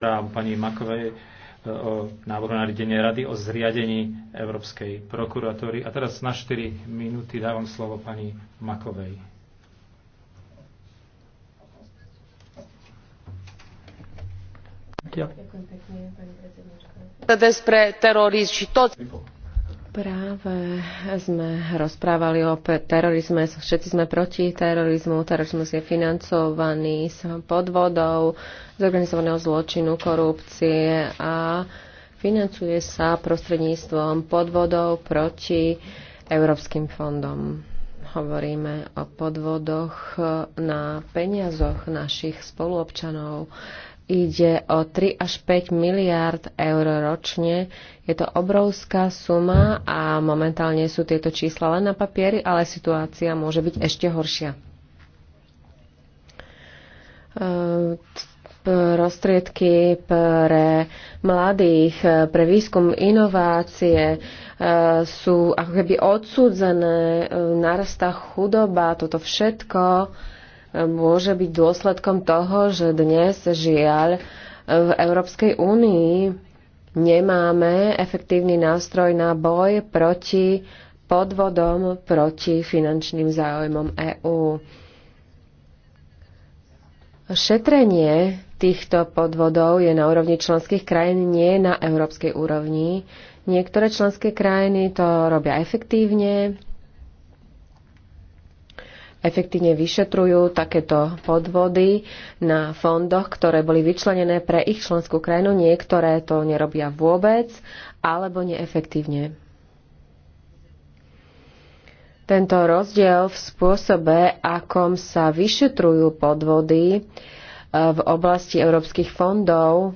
ministra pani Makovej e, o návrhu nariadenia Rady o zriadení Európskej prokuratúry. A teraz na 4 minúty dávam slovo pani Makovej. Ďakujem pekne, pani pre terorizmus, či to... Práve sme rozprávali o terorizme, všetci sme proti terorizmu, terorizmus je financovaný z podvodov, zorganizovaného zločinu, korupcie a financuje sa prostredníctvom podvodov proti európskym fondom. Hovoríme o podvodoch na peniazoch našich spoluobčanov. Ide o 3 až 5 miliárd eur ročne. Je to obrovská suma a momentálne sú tieto čísla len na papieri, ale situácia môže byť ešte horšia. Ehm, prostriedky pre mladých, pre výskum inovácie ehm, sú ako keby odsudzené, ehm, narastá chudoba, toto všetko môže byť dôsledkom toho, že dnes žiaľ v Európskej únii nemáme efektívny nástroj na boj proti podvodom, proti finančným záujmom EÚ. Šetrenie týchto podvodov je na úrovni členských krajín, nie na európskej úrovni. Niektoré členské krajiny to robia efektívne, efektívne vyšetrujú takéto podvody na fondoch, ktoré boli vyčlenené pre ich členskú krajinu. Niektoré to nerobia vôbec alebo neefektívne. Tento rozdiel v spôsobe, akom sa vyšetrujú podvody eh, v oblasti európskych fondov,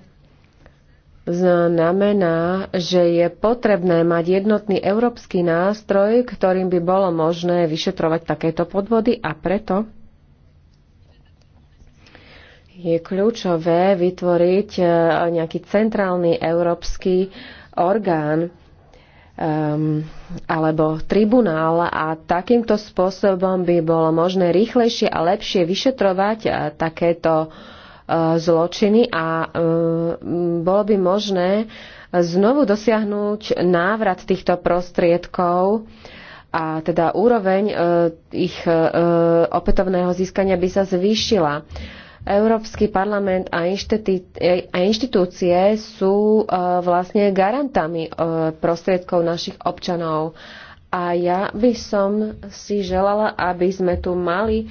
znamená, že je potrebné mať jednotný európsky nástroj, ktorým by bolo možné vyšetrovať takéto podvody a preto je kľúčové vytvoriť e, nejaký centrálny európsky orgán um, alebo tribunál a takýmto spôsobom by bolo možné rýchlejšie a lepšie vyšetrovať e, takéto uh, E, zločiny a e, bolo by možné znovu dosiahnuť návrat týchto prostriedkov a teda úroveň e, ich opätovného získania by sa zvýšila. Európsky parlament a, inštitúcie sú vlastne garantami prostriedkov našich občanov. A ja by som si želala, aby sme tu mali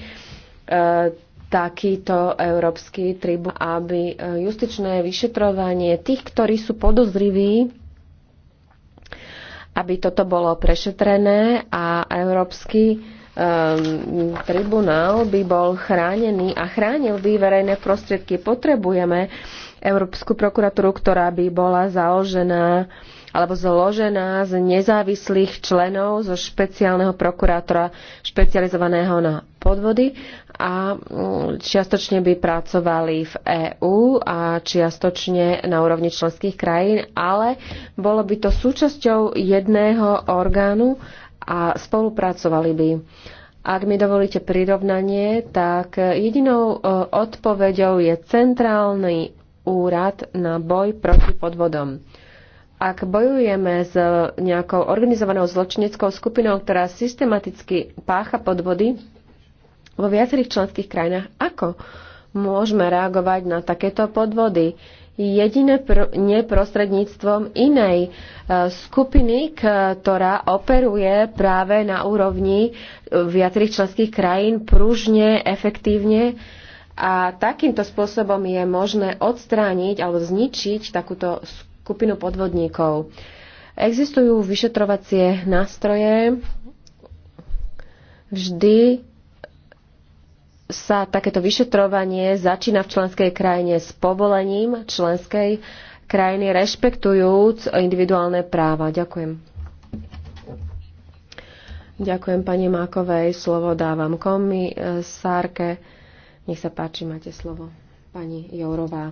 takýto európsky tribun, aby e, justičné vyšetrovanie tých, ktorí sú podozriví, aby toto bolo prešetrené a európsky um, tribunál by bol chránený a chránil by verejné prostriedky. Potrebujeme Európsku prokuratúru, ktorá by bola založená uh, alebo zložená z nezávislých členov zo špeciálneho prokurátora špecializovaného na podvody a mm, čiastočne by pracovali v EÚ a čiastočne na úrovni členských krajín, ale bolo by to súčasťou jedného orgánu a spolupracovali by. Ak mi dovolíte prirovnanie, tak jedinou e, odpoveďou je centrálny úrad na boj proti podvodom ak bojujeme s nejakou organizovanou zločineckou skupinou, ktorá systematicky pácha podvody vo viacerých členských krajinách, ako môžeme reagovať na takéto podvody? Jediné pr- neprostredníctvom inej e, skupiny, ktorá operuje práve na úrovni e, viacerých členských krajín pružne, efektívne. A takýmto spôsobom je možné odstrániť alebo zničiť takúto skupinu skupinu podvodníkov. Existujú vyšetrovacie nástroje. Vždy sa takéto vyšetrovanie začína v členskej krajine s povolením členskej krajiny, rešpektujúc individuálne práva. Ďakujem. Ďakujem pani Mákovej. Slovo dávam komisárke. Nech sa páči, máte slovo. Pani Jourová.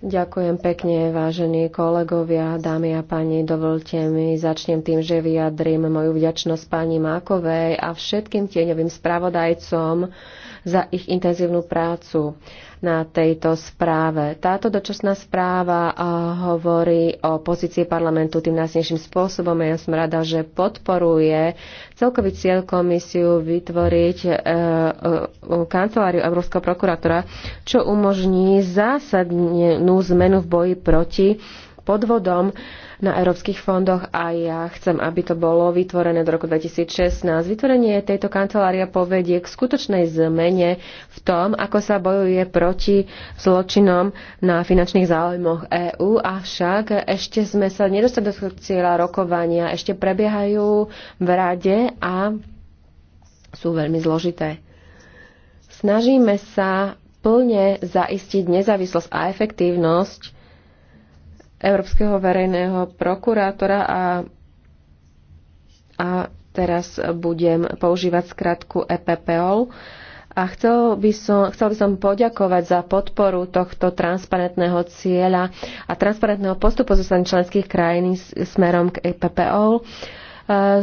Ďakujem pekne, vážení kolegovia, dámy a páni. Dovolte mi, začnem tým, že vyjadrím moju vďačnosť pani Mákovej a všetkým tieňovým spravodajcom za ich intenzívnu prácu na tejto správe. Táto dočasná správa eh, hovorí o pozícii parlamentu tým násnejším spôsobom a ja som rada, že podporuje celkový cieľ komisiu vytvoriť eh, eh, kanceláriu Európskeho prokurátora, čo umožní zásadnú zmenu v boji proti podvodom na európskych fondoch a ja chcem, aby to bolo vytvorené do roku 2016. Vytvorenie tejto kancelária povedie k skutočnej zmene v tom, ako sa bojuje proti zločinom na finančných záujmoch EÚ, avšak ešte sme sa nedostali do cieľa rokovania, ešte prebiehajú v rade a sú veľmi zložité. Snažíme sa plne zaistiť nezávislosť a efektívnosť Európskeho verejného prokurátora a, a teraz budem používať skratku EPPOL. A chcel by, som, chcel by som poďakovať za podporu tohto transparentného cieľa a transparentného postupu zo strany členských krajín smerom k EPPO.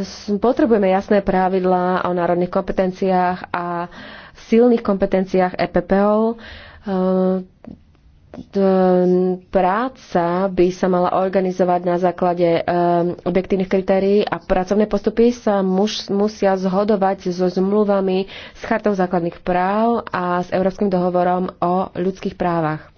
E, potrebujeme jasné pravidlá o národných kompetenciách a silných kompetenciách EPPO. E, Ehm, práca by sa mala organizovať na základe ehm, objektívnych kritérií a pracovné postupy sa muž, musia zhodovať so zmluvami s Chartou základných práv a s Európskym dohovorom o ľudských právach.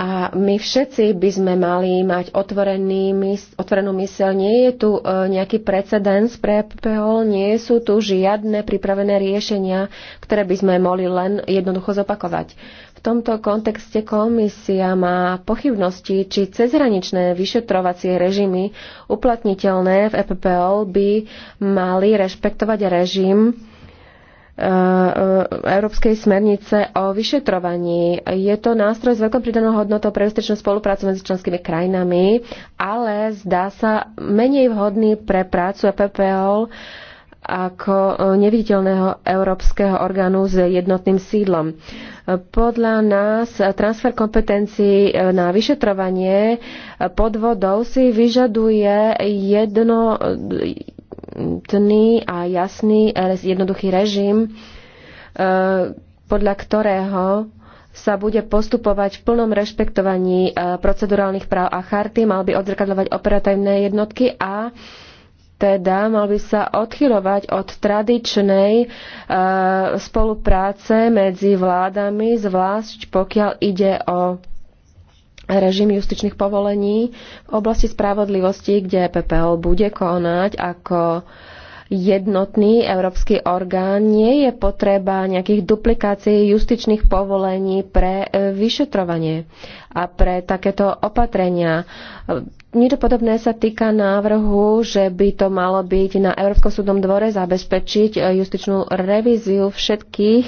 A my všetci by sme mali mať otvorený mys- otvorenú myseľ. Nie je tu e, nejaký precedens pre PPOL, nie sú tu žiadne pripravené riešenia, ktoré by sme mohli len jednoducho zopakovať. V tomto kontexte komisia má pochybnosti, či cezhraničné vyšetrovacie režimy uplatniteľné v EPPOL by mali rešpektovať režim Eh, Európskej smernice o vyšetrovaní. Je to nástroj s veľkou pridanou hodnotou pre ústrečnú spoluprácu medzi členskými krajinami, ale zdá sa menej vhodný pre prácu EPPO ako eh, neviditeľného európskeho orgánu s jednotným sídlom. Podľa nás transfer kompetencií eh, na vyšetrovanie podvodov si vyžaduje jedno, tný a jasný, jednoduchý režim, e, podľa ktorého sa bude postupovať v plnom rešpektovaní e, procedurálnych práv a charty, mal by odzrkadľovať operatívne jednotky a teda mal by sa odchylovať od tradičnej e, spolupráce medzi vládami, zvlášť pokiaľ ide o režim justičných povolení v oblasti spravodlivosti, kde PPL bude konať ako jednotný európsky orgán, nie je potreba nejakých duplikácií justičných povolení pre e, vyšetrovanie a pre takéto opatrenia. Niečo podobné sa týka návrhu, že by to malo byť na Európskom súdnom dvore zabezpečiť e, justičnú revíziu všetkých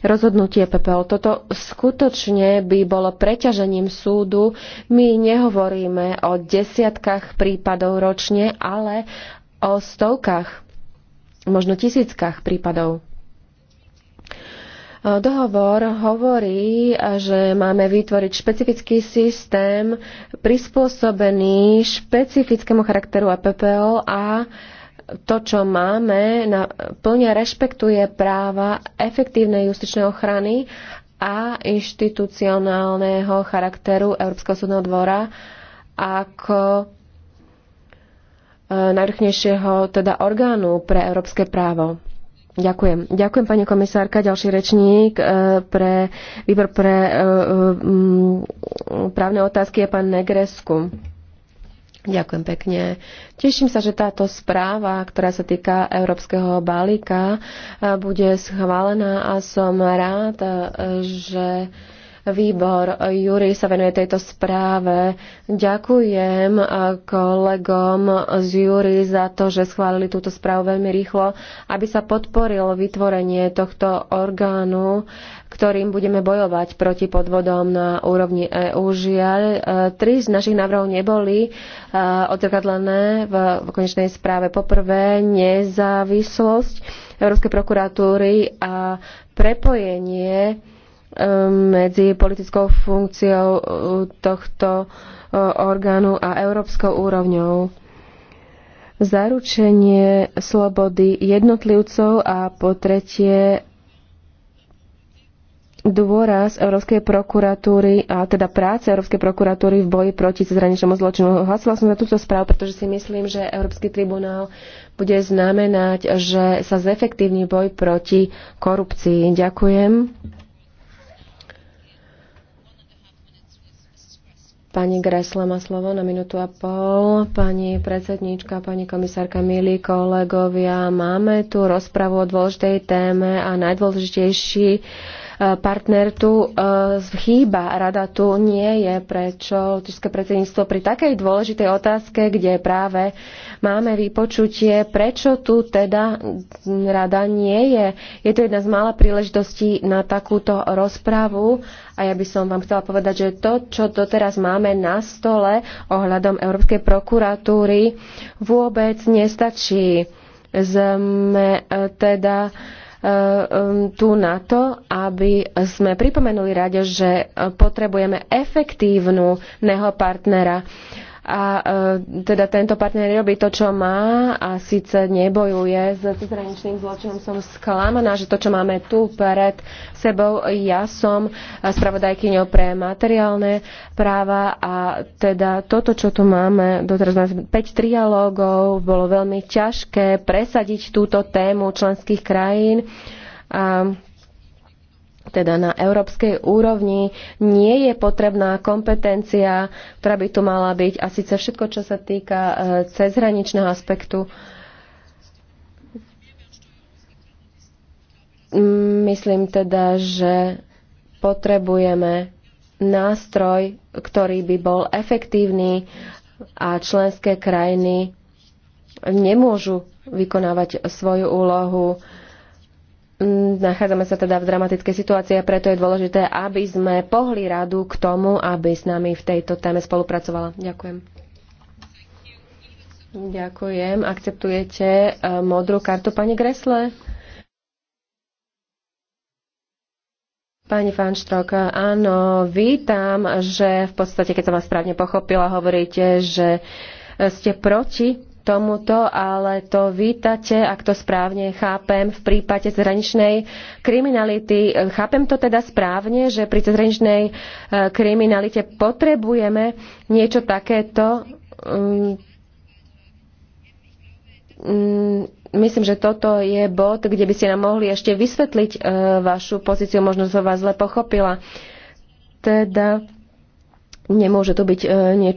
rozhodnutí e PPO. Toto skutočne by bolo preťažením súdu. My nehovoríme o desiatkách prípadov ročne, ale o stovkách možno tisíckach prípadov. E, dohovor hovorí, že máme vytvoriť špecifický systém prispôsobený špecifickému charakteru APPO a to, čo máme, plne rešpektuje práva efektívnej justičnej ochrany a inštitucionálneho charakteru Európskeho súdneho dvora ako najvrchnejšieho teda orgánu pre európske právo. Ďakujem. Ďakujem, pani komisárka. Ďalší rečník e, pre výbor pre e, e, právne otázky je pán Negresku. Ďakujem pekne. Teším sa, že táto správa, ktorá sa týka Európskeho balíka, bude schválená a som rád, že Výbor Júri sa venuje tejto správe. Ďakujem eh, kolegom z Júri za to, že schválili túto správu veľmi rýchlo, aby sa podporilo vytvorenie tohto orgánu, ktorým budeme bojovať proti podvodom na úrovni EU Žiaľ, eh, tri z našich návrhov neboli eh, odzrkadlené v konečnej správe. Poprvé, nezávislosť Európskej prokuratúry a prepojenie medzi politickou funkciou uh, tohto uh, orgánu a európskou úrovňou. Zaručenie slobody jednotlivcov a po tretie dôraz Európskej prokuratúry, a teda práce Európskej prokuratúry v boji proti cezhraničnému zločinu. Hlasila som za túto správu, pretože si myslím, že Európsky tribunál bude znamenať, že sa zefektívni boj proti korupcii. Ďakujem. Pani Gresle má slovo na minútu a pol. Pani predsedníčka, pani komisárka, milí kolegovia, máme tu rozpravu o dôležitej téme a najdôležitejší partner tu e, chýba, rada tu nie je, prečo Lotyšské predsedníctvo pri takej dôležitej otázke, kde práve máme vypočutie, prečo tu teda rada nie je. Je to jedna z mála príležitostí na takúto rozpravu a ja by som vám chcela povedať, že to, čo doteraz máme na stole ohľadom Európskej prokuratúry, vôbec nestačí. Sme e, teda E, tu na to, aby sme pripomenuli rade, že potrebujeme efektívneho partnera a e, teda tento partner robí to, čo má a síce nebojuje s cezhraničným zločinom. Som sklamaná, že to, čo máme tu pred sebou, ja som spravodajkyňou pre materiálne práva a teda toto, čo tu máme, doteraz máme 5 trialógov, bolo veľmi ťažké presadiť túto tému členských krajín. A, teda na európskej úrovni nie je potrebná kompetencia, ktorá by tu mala byť a síce všetko, čo sa týka e, cezhraničného aspektu. Myslím teda, že potrebujeme nástroj, ktorý by bol efektívny a členské krajiny nemôžu vykonávať svoju úlohu Nachádzame sa teda v dramatickej situácii a preto je dôležité, aby sme pohli radu k tomu, aby s nami v tejto téme spolupracovala. Ďakujem. Ďakujem. Akceptujete e, modrú kartu, pani Gresle? Pani Fanštrok, áno, vítam, že v podstate, keď som vás správne pochopila, hovoríte, že ste proti tomuto, ale to vítate, ak to správne chápem, v prípade zraničnej kriminality. Chápem to teda správne, že pri zraničnej e, kriminalite potrebujeme niečo takéto. Mm, mm, myslím, že toto je bod, kde by ste nám mohli ešte vysvetliť e, vašu pozíciu, možno som vás zle pochopila. Teda nemôže to byť e, nie,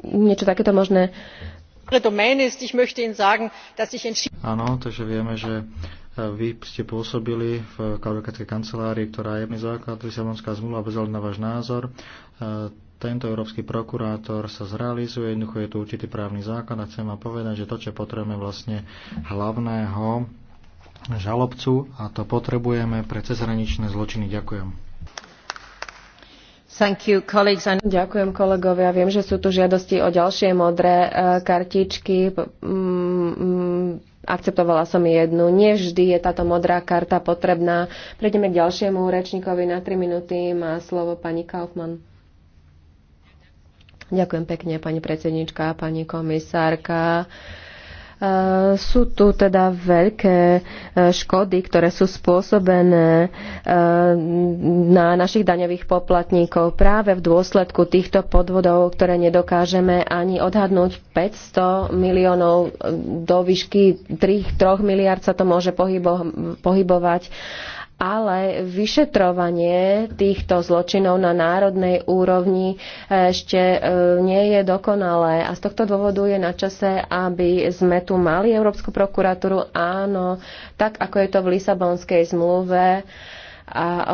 niečo takéto možné. Áno, takže vieme, že e, vy ste pôsobili v advokátskej kancelárii, ktorá je mi základ Lisabonská zmluva, bez na váš názor. E, tento európsky prokurátor sa zrealizuje, jednoducho je tu určitý právny zákon a chcem vám povedať, že to, čo potrebujeme vlastne hlavného žalobcu a to potrebujeme pre cezhraničné zločiny. Ďakujem. Ďakujem kolegovia. Viem, že sú tu žiadosti o ďalšie modré e, kartičky. Mm, mm, akceptovala som jednu. Nie vždy je táto modrá karta potrebná. Prejdeme k ďalšiemu rečníkovi na 3 minúty. Má slovo pani Kaufmann. Ďakujem pekne, pani predsednička, pani komisárka. Uh, Eh, sú tu teda veľké eh, škody, ktoré sú spôsobené eh, na našich daňových poplatníkov práve v dôsledku týchto podvodov, ktoré nedokážeme ani odhadnúť. 500 miliónov do výšky 3, 3 miliard sa to môže pohybo, pohybovať ale vyšetrovanie týchto zločinov na národnej úrovni eh, ešte eh, nie je dokonalé. A z tohto dôvodu je na čase, aby sme tu mali Európsku prokuratúru, áno, tak ako je to v Lisabonskej zmluve, a e,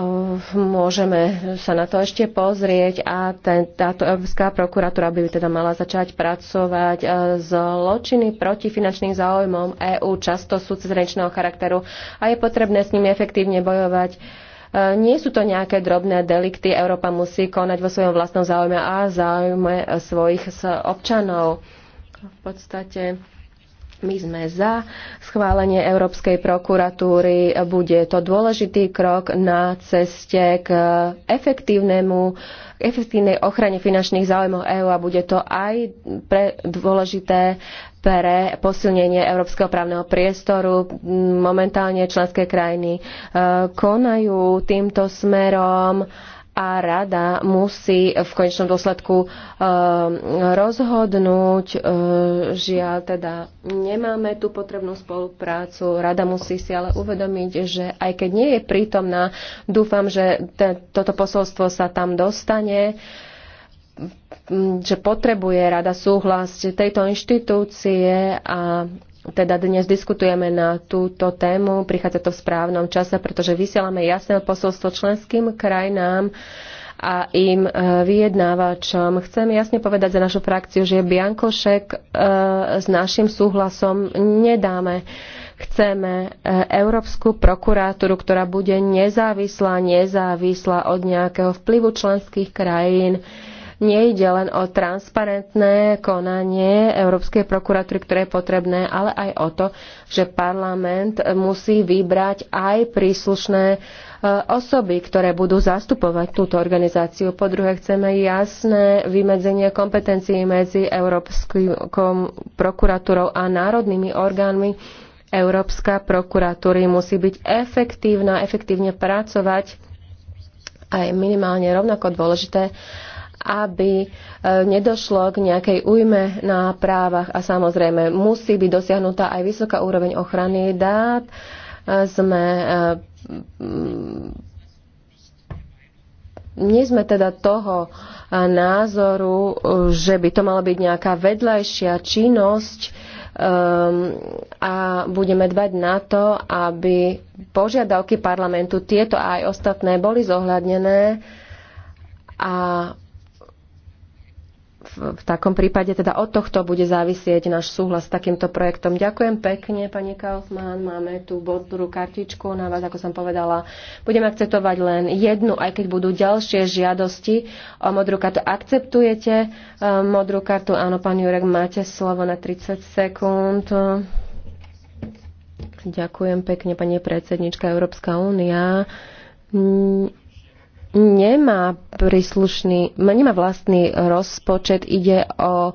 môžeme sa na to ešte pozrieť a ten, táto Európska prokuratúra by teda mala začať pracovať e, zločiny proti finančným záujmom EÚ často sú cezhraničného charakteru a je potrebné s nimi efektívne bojovať. E, nie sú to nejaké drobné delikty, Európa musí konať vo svojom vlastnom záujme a záujme svojich občanov. V podstate my sme za schválenie Európskej prokuratúry. Bude to dôležitý krok na ceste k efektívnemu, efektívnej ochrane finančných záujmov EÚ a bude to aj pre dôležité pre posilnenie európskeho právneho priestoru. Momentálne členské krajiny eh, konajú týmto smerom a rada musí v konečnom dôsledku eh, rozhodnúť. Eh, žiaľ, teda nemáme tú potrebnú spoluprácu. Rada musí si ale uvedomiť, že aj keď nie je prítomná, dúfam, že toto posolstvo sa tam dostane že potrebuje rada súhlas tejto inštitúcie a teda dnes diskutujeme na túto tému. Prichádza to v správnom čase, pretože vysielame jasné posolstvo členským krajinám a im e, vyjednávačom. Chcem jasne povedať za našu frakciu, že Biankošek e, s našim súhlasom nedáme. Chceme e, Európsku prokuratúru, ktorá bude nezávislá, nezávislá od nejakého vplyvu členských krajín Nejde len o transparentné konanie Európskej prokuratúry, ktoré je potrebné, ale aj o to, že parlament musí vybrať aj príslušné e, osoby, ktoré budú zastupovať túto organizáciu. Po druhé, chceme jasné vymedzenie kompetencií medzi Európskou prokuratúrou a národnými orgánmi. Európska prokuratúry musí byť efektívna, efektívne pracovať a je minimálne rovnako dôležité, aby e, nedošlo k nejakej újme na právach a samozrejme musí byť dosiahnutá aj vysoká úroveň ochrany dát. E, sme e, nie sme teda toho názoru, že by to mala byť nejaká vedľajšia činnosť um, a budeme dbať na to, aby požiadavky parlamentu tieto a aj ostatné boli zohľadnené a v takom prípade teda od tohto bude závisieť náš súhlas s takýmto projektom. Ďakujem pekne, pani Kaufmann. Máme tu bodru kartičku na vás, ako som povedala. Budeme akceptovať len jednu, aj keď budú ďalšie žiadosti o modrú kartu. Akceptujete e, modrú kartu? Áno, pán Jurek, máte slovo na 30 sekúnd. Ďakujem pekne, pani predsednička Európska únia nemá príslušný, nemá vlastný rozpočet, ide o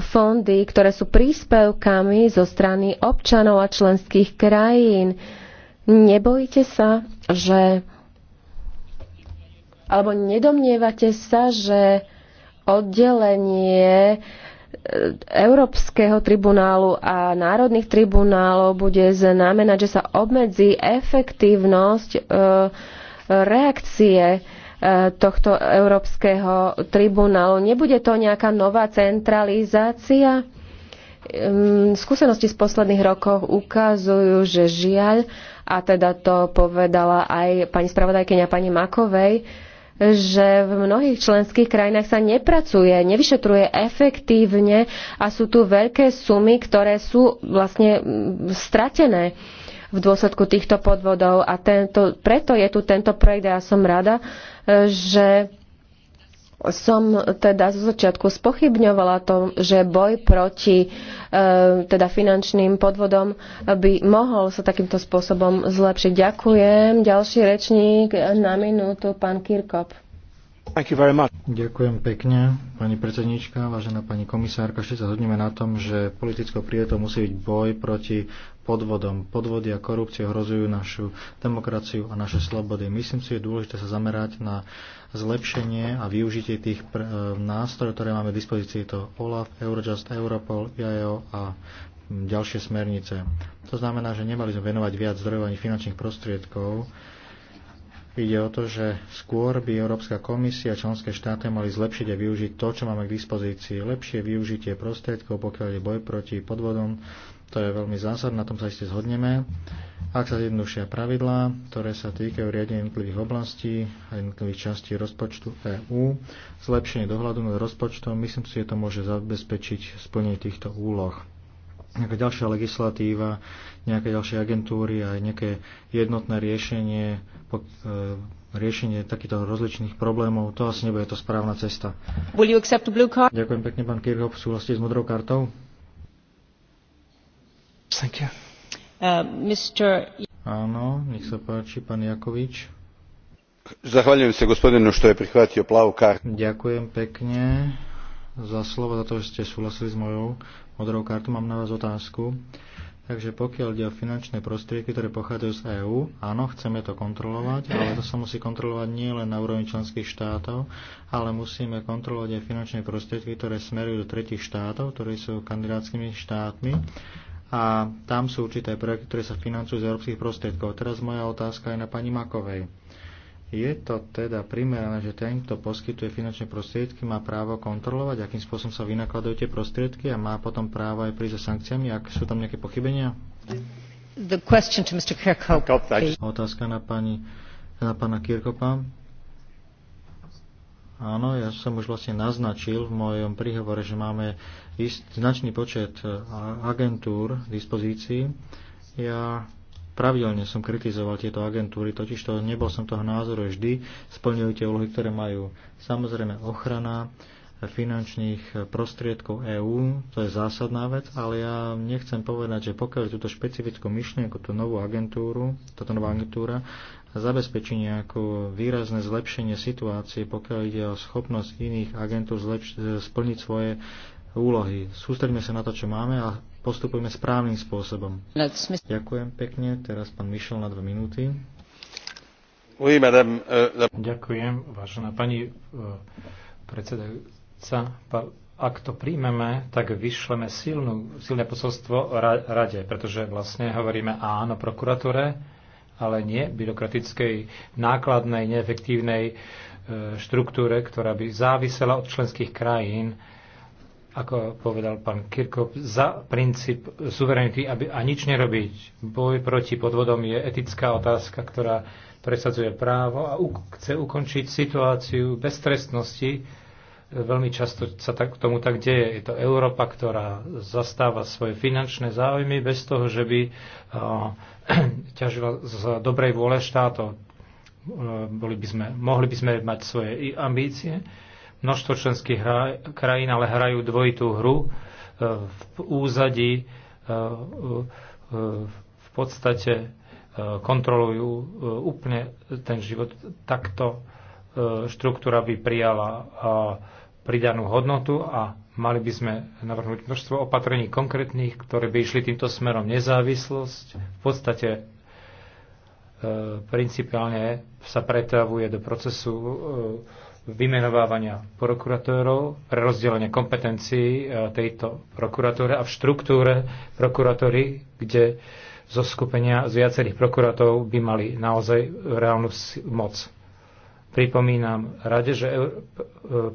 fondy, ktoré sú príspevkami zo strany občanov a členských krajín. Nebojte sa, že alebo nedomnievate sa, že oddelenie eh, Európskeho tribunálu a národných tribunálov bude znamenať, že sa obmedzí efektívnosť e, reakcie e, tohto Európskeho tribunálu. Nebude to nejaká nová centralizácia? Skúsenosti z posledných rokov ukazujú, že žiaľ, a teda to povedala aj pani spravodajkyňa pani Makovej, že v mnohých členských krajinách sa nepracuje, nevyšetruje efektívne a sú tu veľké sumy, ktoré sú vlastne stratené v dôsledku týchto podvodov. A tento, preto je tu tento projekt a ja som rada, e, že som teda zo začiatku spochybňovala to, že boj proti e, teda finančným podvodom by mohol sa takýmto spôsobom zlepšiť. Ďakujem. Ďalší rečník na minútu, pán Kirkop. Ďakujem pekne, pani predsednička, vážená pani komisárka. Všetci sa zhodneme na tom, že politickou prioritou musí byť boj proti podvodom. Podvody a korupcie hrozujú našu demokraciu a naše slobody. Myslím si, že je dôležité sa zamerať na zlepšenie a využitie tých pr- e, nástrojov, ktoré máme v dispozícii. To OLAF, Eurojust, Europol, IAO a ďalšie smernice. To znamená, že nemali sme venovať viac zdrojov ani finančných prostriedkov Ide o to, že skôr by Európska komisia a členské štáty mali zlepšiť a využiť to, čo máme k dispozícii. Lepšie využitie prostriedkov, pokiaľ je boj proti podvodom, to je veľmi zásadné, na tom sa ešte zhodneme. Ak sa zjednodušia pravidlá, ktoré sa týkajú riadenia jednotlivých oblastí a jednotlivých častí rozpočtu EÚ, zlepšenie dohľadu nad rozpočtom, myslím si, že to môže zabezpečiť splnenie týchto úloh. Nejaká ďalšia legislatíva, nejaké ďalšie agentúry a nejaké jednotné riešenie, e, riešenie takýchto rozličných problémov, to asi nebude to správna cesta. Ďakujem pekne, pán Kirchhoff, súhlasíte s modrou kartou? Thank you. Uh, Mr. Áno, nech sa páči, pán Jakovič. Zahvaljujem sa gospodinu, što je prihvatio plavu kartu. Ďakujem pekne za slovo, za to, že ste súhlasili s mojou modrou kartou. Mám na vás otázku. Takže pokiaľ ide o finančné prostriedky, ktoré pochádzajú z EÚ, áno, chceme to kontrolovať, ale to sa musí kontrolovať nie len na úrovni členských štátov, ale musíme kontrolovať aj finančné prostriedky, ktoré smerujú do tretich štátov, ktoré sú kandidátskymi štátmi a tam sú určité projekty, ktoré sa financujú z európskych prostriedkov. Teraz moja otázka je na pani Makovej. Je to teda primerané, že ten, kto poskytuje finančné prostriedky, má právo kontrolovať, akým spôsobom sa vynakladajú tie prostriedky a má potom právo aj prísť za sankciami, ak sú tam nejaké pochybenia? The question to Mr. Kirkhope, Otázka na, pani, na pána Kirkopa. Áno, ja som už vlastne naznačil v mojom príhovore, že máme značný počet e, agentúr v dispozícii. Ja pravidelne som kritizoval tieto agentúry, totiž to nebol som toho názoru vždy, splňujú tie úlohy, ktoré majú. Samozrejme ochrana finančných prostriedkov EÚ, to je zásadná vec, ale ja nechcem povedať, že pokiaľ túto špecifickú myšlienku, tú novú agentúru, táto nová agentúra zabezpečí nejakú výrazné zlepšenie situácie, pokiaľ ide o schopnosť iných agentúr zlepš- e, splniť svoje úlohy. Sústredíme sa na to, čo máme a postupujeme správnym spôsobom. Ďakujem pekne. Teraz pán Mišel na dve minúty. Oui, madame, uh, Ďakujem, vážená pani uh, predsedajúca. Ak to príjmeme, tak vyšleme silnú, silné posolstvo ra, rade, pretože vlastne hovoríme áno prokuratúre, ale nie byrokratickej, nákladnej, neefektívnej uh, štruktúre, ktorá by závisela od členských krajín ako povedal pán Kirkov, za princíp suverenity aby, a nič nerobiť. Boj proti podvodom je etická otázka, ktorá presadzuje právo a chce ukončiť situáciu trestnosti. Veľmi často sa tak, tomu tak deje. Je to Európa, ktorá zastáva svoje finančné záujmy bez toho, že by uh, ťažila z dobrej vôle štátov. Uh, mohli by sme mať svoje ambície, Množstvo členských krajín ale hrajú dvojitú hru e, v úzadí e, e, v podstate kontrolujú úplne ten život. Takto štruktúra by prijala pridanú hodnotu a mali by sme navrhnúť množstvo opatrení konkrétnych, ktoré by išli týmto smerom. Nezávislosť v podstate principiálne sa pretavuje do procesu vymenovávania prokuratórov, prerozdelenie kompetencií e, tejto prokuratúre a v štruktúre prokuratúry, kde zo skupenia z viacerých prokurátorov by mali naozaj reálnu moc. Pripomínam rade, že e,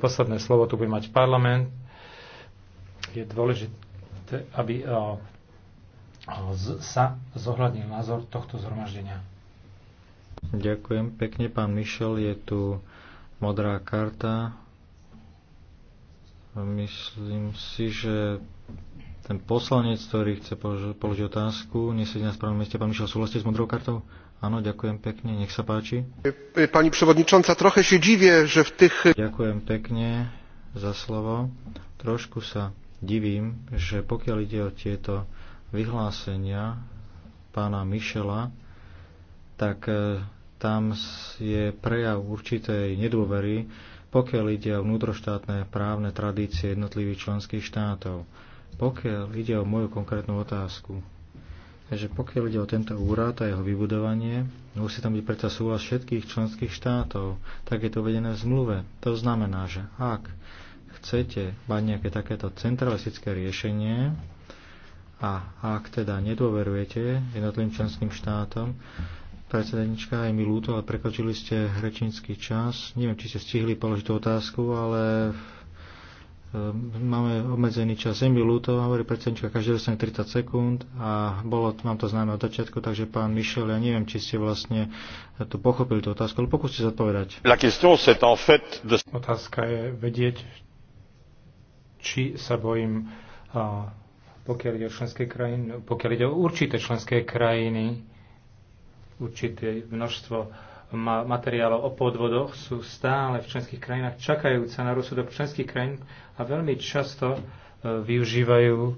posledné slovo tu bude mať parlament. Je dôležité, aby e, sa zohľadnil názor tohto zhromaždenia. Ďakujem pekne, pán Mišel. Je tu modrá karta. Myslím si, že ten poslanec, ktorý chce položiť otázku, nesedí na správnom mieste. Pán Mišel, súhlasíte s modrou kartou? Áno, ďakujem pekne, nech sa páči. E, e, pani prevodničonca, trochę si divie, že v tých... Ďakujem pekne za slovo. Trošku sa divím, že pokiaľ ide o tieto vyhlásenia pána Mišela, tak e, tam je prejav určitej nedôvery, pokiaľ ide o vnútroštátne právne tradície jednotlivých členských štátov. Pokiaľ ide o moju konkrétnu otázku, Takže pokiaľ ide o tento úrad a jeho vybudovanie, musí tam byť predsa súhlas všetkých členských štátov, tak je to uvedené v zmluve. To znamená, že ak chcete mať nejaké takéto centralistické riešenie a ak teda nedôverujete jednotlivým členským štátom, Predsedníčka, aj mi ľúto, ale prekočili ste rečnícky čas. Neviem, či ste stihli položiť tú otázku, ale ehm, máme obmedzený čas. Je mi ľúto, hovorí predsednička, každý dostane 30 sekúnd a bolo, mám to známe od začiatku, takže pán Mišel, ja neviem, či ste vlastne tu pochopili tú otázku, ale pokúste sa odpovedať. Otázka je vedieť, či sa bojím, pokiaľ ide o členské krajiny, pokiaľ ide o určité členské krajiny, určité množstvo materiálov o podvodoch sú stále v členských krajinách čakajúce na rozsudok členských krajín a veľmi často e, využívajú e,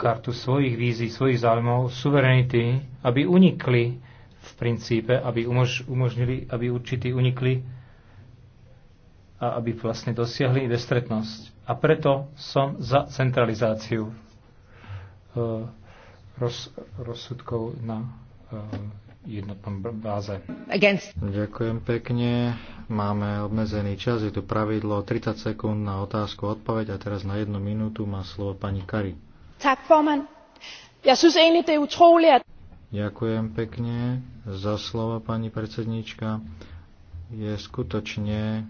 kartu svojich vízí, svojich záujmov, suverenity, aby unikli v princípe, aby umož, umožnili, aby určití unikli a aby vlastne dosiahli bestretnosť. A preto som za centralizáciu e, roz, rozsudkov na jednotnom báze. Against. Ďakujem pekne. Máme obmedzený čas. Je tu pravidlo 30 sekúnd na otázku a odpoveď a teraz na jednu minútu má slovo pani Kari. Tak, forman. Ja synes egentlig, det er utroligt, at... Ďakujem pekne za slovo, pani predsednička. Je skutočne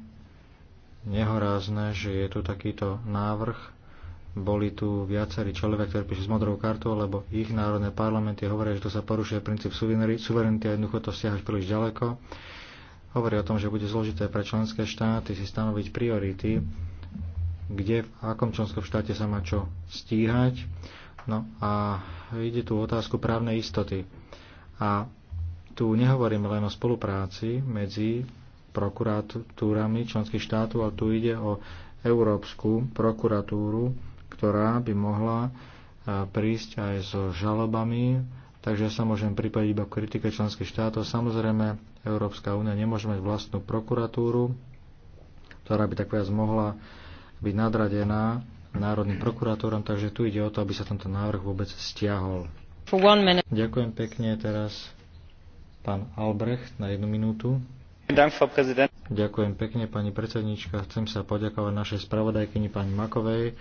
nehorázne, že je tu takýto návrh boli tu viacerí človek, ktorí prišli s modrou kartou, lebo ich národné parlamenty hovoria, že to sa porušuje princíp suverenity a jednoducho to stiahať príliš ďaleko. Hovorí o tom, že bude zložité pre členské štáty si stanoviť priority, kde, v akom členskom štáte sa má čo stíhať. No a ide tu otázku právnej istoty. A tu nehovoríme len o spolupráci medzi prokuratúrami členských štátov, ale tu ide o Európsku prokuratúru, ktorá by mohla e, prísť aj so žalobami, takže sa môžem pripojiť iba k kritike členských štátov. Samozrejme, Európska únia nemôže mať vlastnú prokuratúru, ktorá by tak viac mohla byť nadradená národným prokurátorom, takže tu ide o to, aby sa tento návrh vôbec stiahol. Ďakujem pekne teraz pán Albrecht na jednu minútu. Ďakujem pekne, pani predsednička. Chcem sa poďakovať našej spravodajkyni pani Makovej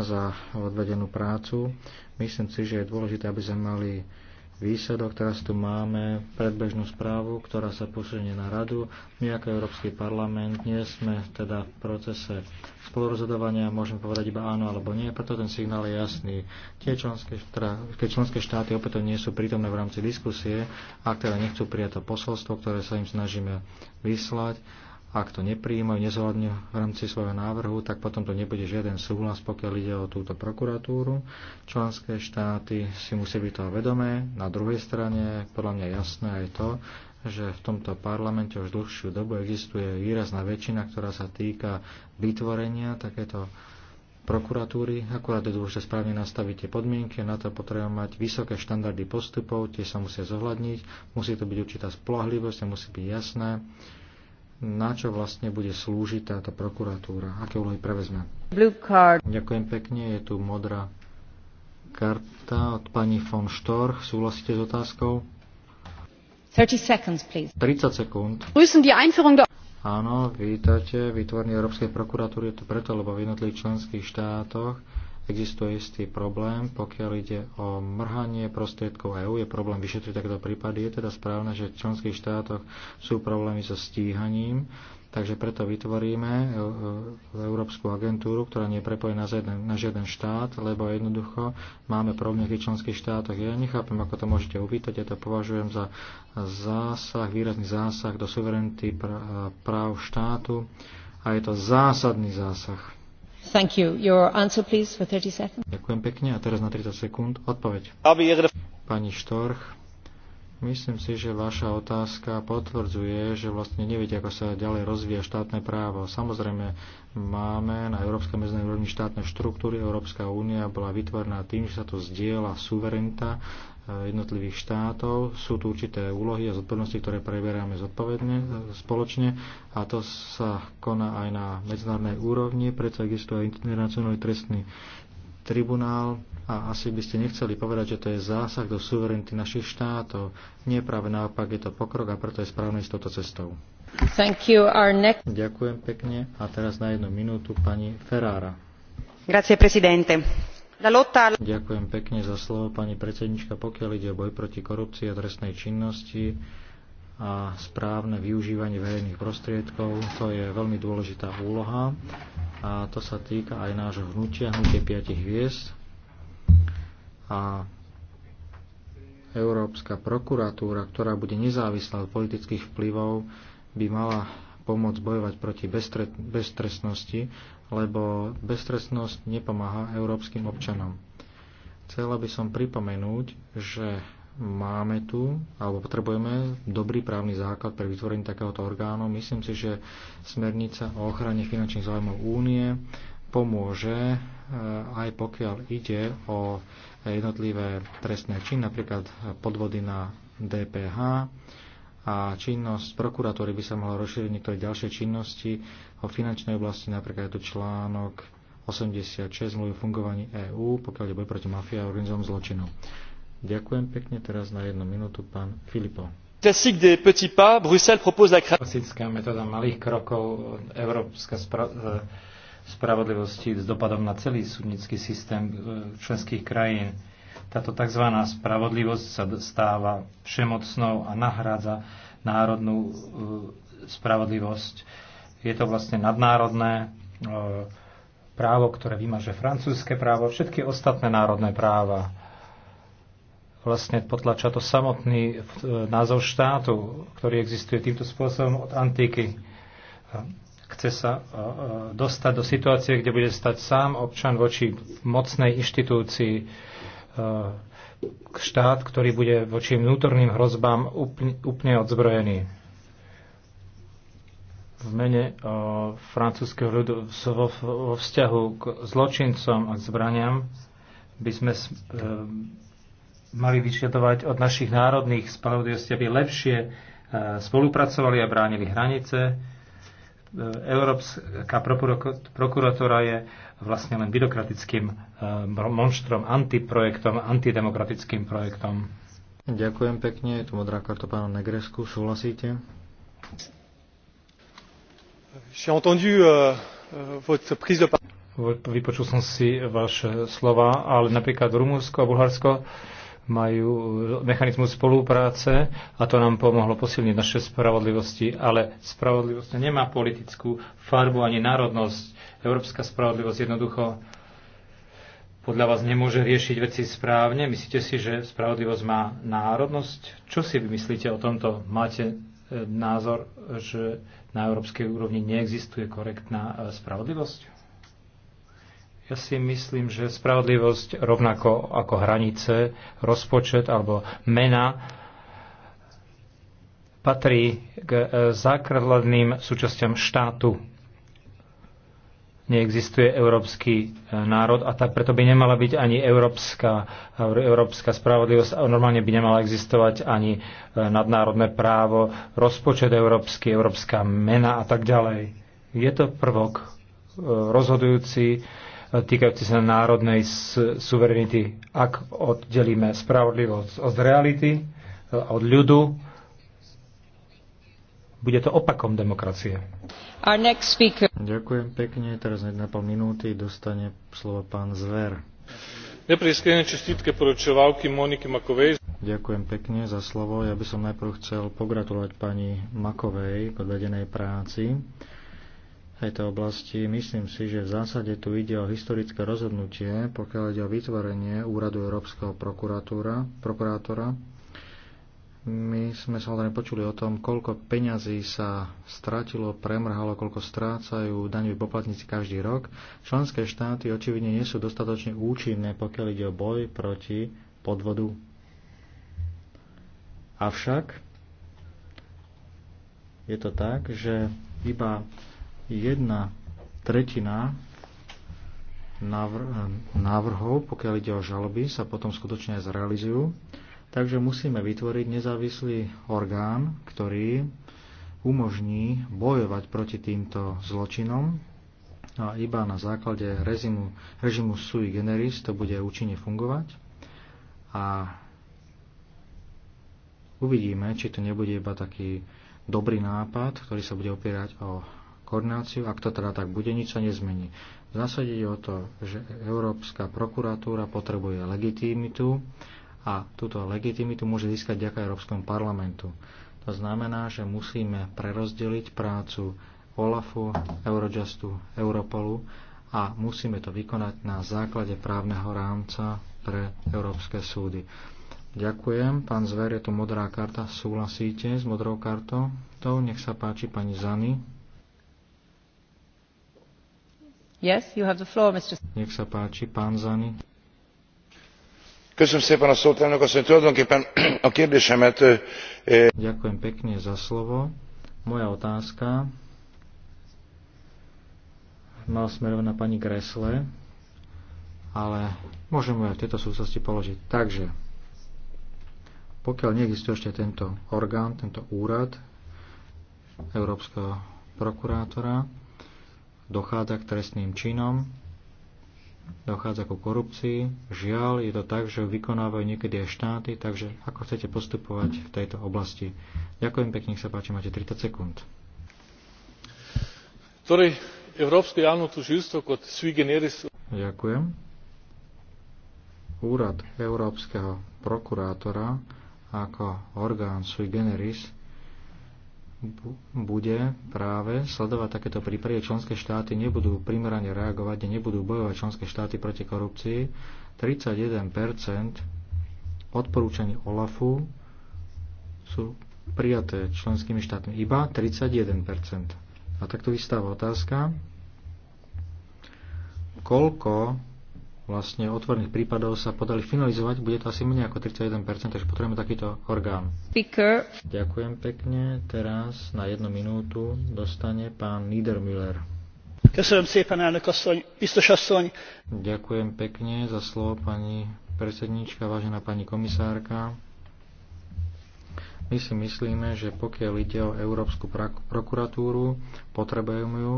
za odvedenú prácu. Myslím si, že je dôležité, aby sme mali výsledok. Teraz tu máme predbežnú správu, ktorá sa posunie na radu. My ako Európsky parlament nie sme teda v procese spolurozhodovania, môžeme povedať iba áno alebo nie, preto ten signál je jasný. Tie členské, teda, keď členské štáty opätovne nie sú prítomné v rámci diskusie, ak teda nechcú prijať to posolstvo, ktoré sa im snažíme vyslať, ak to nepríjmajú, nezohľadňujú v rámci svojho návrhu, tak potom to nebude žiaden súhlas, pokiaľ ide o túto prokuratúru. Členské štáty si musí byť toho vedomé. Na druhej strane podľa mňa jasné aj to, že v tomto parlamente už dlhšiu dobu existuje výrazná väčšina, ktorá sa týka vytvorenia takéto prokuratúry. Akurát je dôležité správne nastaviť tie podmienky, na to potrebujeme mať vysoké štandardy postupov, tie sa musia zohľadniť, musí to byť určitá spolahlivosť musí byť jasné, na čo vlastne bude slúžiť táto prokuratúra, aké úlohy prevezme. Blue card. Ďakujem pekne, je tu modrá karta od pani von Storch. Súhlasíte s otázkou? 30 seconds, please. 30 sekúnd. Áno, vítate vytvorenie Európskej prokuratúry, je to preto, lebo v jednotlivých členských štátoch existuje istý problém, pokiaľ ide o mrhanie prostriedkov EÚ, je problém vyšetriť takéto prípady. Je teda správne, že v členských štátoch sú problémy so stíhaním, takže preto vytvoríme e, e, Európsku agentúru, ktorá nie je prepojená na žiaden štát, lebo jednoducho máme problém v členských štátoch. Ja nechápem, ako to môžete uvítať, ja to považujem za zásah, výrazný zásah do suverenity e, práv štátu a je to zásadný zásah. Thank you. Your answer, please, for 30 seconds. Ďakujem pekne a teraz na 30 sekúnd odpoveď. Pani Štorch, myslím si, že vaša otázka potvrdzuje, že vlastne neviete, ako sa ďalej rozvíja štátne právo. Samozrejme, máme na európskej medzinárodnej úrovni štátne štruktúry. Európska únia bola vytvorená tým, že sa tu zdieľa suverenita jednotlivých štátov. Sú tu určité úlohy a zodpovednosti, ktoré preberáme zodpovedne spoločne a to sa koná aj na medzinárodnej úrovni. preto existuje internacionálny trestný tribunál a asi by ste nechceli povedať, že to je zásah do suverenity našich štátov. Nie práve naopak je to pokrok a preto je správne s touto cestou. Thank you. Our next... Ďakujem pekne a teraz na jednu minútu pani Ferrara. Grazie, presidente Ďakujem pekne za slovo, pani predsednička. Pokiaľ ide o boj proti korupcii a trestnej činnosti a správne využívanie verejných prostriedkov, to je veľmi dôležitá úloha a to sa týka aj nášho hnutia, hnutie piatich hviezd. A Európska prokuratúra, ktorá bude nezávislá od politických vplyvov, by mala pomôcť bojovať proti beztrestnosti lebo beztrestnosť nepomáha európskym občanom. Chcela by som pripomenúť, že máme tu, alebo potrebujeme dobrý právny základ pre vytvorenie takéhoto orgánu. Myslím si, že smernica o ochrane finančných záujmov únie pomôže, e, aj pokiaľ ide o jednotlivé trestné činy, napríklad podvody na DPH, a činnosť prokuratúry by sa mohla rozšíriť niektoré ďalšie činnosti o finančnej oblasti, napríklad je to článok 86 zmluvy o fungovaní EÚ, pokiaľ je boj proti mafii a organizovom zločinu. Ďakujem pekne, teraz na jednu minútu pán Filipo. Klasická metóda malých krokov, európska e, spravodlivosti s dopadom na celý súdnický systém e, členských krajín táto tzv. spravodlivosť sa stáva všemocnou a nahrádza národnú e, spravodlivosť. Je to vlastne nadnárodné e, právo, ktoré vymaže francúzske právo, všetky ostatné národné práva. Vlastne potlača to samotný e, názov štátu, ktorý existuje týmto spôsobom od antiky. Chce sa dostať do situácie, kde bude stať sám občan voči mocnej inštitúcii, E, štát, ktorý bude voči vnútorným hrozbám úplne odzbrojený. V mene e, francúzského ľudu vo vzťahu k zločincom a zbraniam by sme e, mali vyžadovať od našich národných spravodlivosti, aby lepšie spolupracovali a bránili hranice, E, Európska prokuratúra je vlastne len byrokratickým e, monštrom, antiprojektom, antidemokratickým projektom. Ďakujem pekne, je tu modrá karta pána Negresku, súhlasíte? Euh, euh, vypočul som si vaše slova, ale napríklad Rumunsko a Bulharsko majú mechanizmus spolupráce a to nám pomohlo posilniť naše spravodlivosti, ale spravodlivosť nemá politickú farbu ani národnosť. Európska spravodlivosť jednoducho podľa vás nemôže riešiť veci správne. Myslíte si, že spravodlivosť má národnosť? Čo si myslíte o tomto? Máte e, názor, že na európskej úrovni neexistuje korektná e, spravodlivosť? Ja si myslím, že spravodlivosť rovnako ako hranice, rozpočet alebo mena patrí k e, základným súčasťam štátu. Neexistuje európsky e, národ a tak preto by nemala byť ani európska, e, európska spravodlivosť a normálne by nemala existovať ani nadnárodné právo, rozpočet európsky, európska mena a tak ďalej. Je to prvok rozhodujúci týkajúci sa národnej suverenity, ak oddelíme spravodlivosť od reality, e, od ľudu, bude to opakom demokracie. Ďakujem pekne. Teraz na pol minúty dostane slovo pán Zver. Neprískrené čestitke poročovalky Moniky Makovej. Ďakujem pekne za slovo. Ja by som najprv chcel pogratulovať pani Makovej podvedenej práci tejto oblasti. Myslím si, že v zásade tu ide o historické rozhodnutie, pokiaľ ide o vytvorenie úradu Európskeho prokurátora. My sme samozrejme počuli o tom, koľko peňazí sa stratilo, premrhalo, koľko strácajú daňoví poplatníci každý rok. Členské štáty očividne nie sú dostatočne účinné, pokiaľ ide o boj proti podvodu. Avšak je to tak, že iba jedna tretina návrhov, pokiaľ ide o žaloby, sa potom skutočne aj zrealizujú. Takže musíme vytvoriť nezávislý orgán, ktorý umožní bojovať proti týmto zločinom a iba na základe režimu, režimu sui generis to bude účinne fungovať a uvidíme, či to nebude iba taký dobrý nápad, ktorý sa bude opierať o koordináciu, ak to teda tak bude, nič sa nezmení. V zásade je o to, že Európska prokuratúra potrebuje legitimitu a túto legitimitu môže získať ďaká Európskom parlamentu. To znamená, že musíme prerozdeliť prácu OLAFu, Eurojustu, Europolu a musíme to vykonať na základe právneho rámca pre európske súdy. Ďakujem. Pán Zver, je tu modrá karta. Súhlasíte s modrou kartou? To nech sa páči pani Zany. Yes, you have the floor, Mr. Nech sa páči, pán Zani. Köszönöm szépen a szót, elnök asszony. Tulajdonképpen a kérdésemet... Ďakujem pekne za slovo. Moja otázka mal na pani Gresle, ale môžem ju aj v tejto súvislosti položiť. Takže, pokiaľ neexistuje ešte tento orgán, tento úrad Európskeho prokurátora, dochádza k trestným činom, dochádza ku korupcii. Žiaľ, je to tak, že vykonávajú niekedy aj štáty, takže ako chcete postupovať v tejto oblasti? Ďakujem pekne, nech sa páči, máte 30 sekúnd. Torej, Európske javno tužilstvo kod sui generis... Ďakujem. Úrad Európskeho prokurátora ako orgán sui generis bude práve sledovať takéto prípady, členské štáty nebudú primerane reagovať, nebudú bojovať členské štáty proti korupcii. 31 odporúčaní OLAFu sú prijaté členskými štátmi. Iba 31 A takto vystáva otázka, koľko vlastne otvorených prípadov sa podali finalizovať, bude to asi menej ako 31%, takže potrebujeme takýto orgán. Speaker. Ďakujem pekne. Teraz na jednu minútu dostane pán Niedermüller. Ďakujem pekne za slovo pani predsednička, vážená pani komisárka. My si myslíme, že pokiaľ ide o Európsku prokuratúru, potrebujeme ju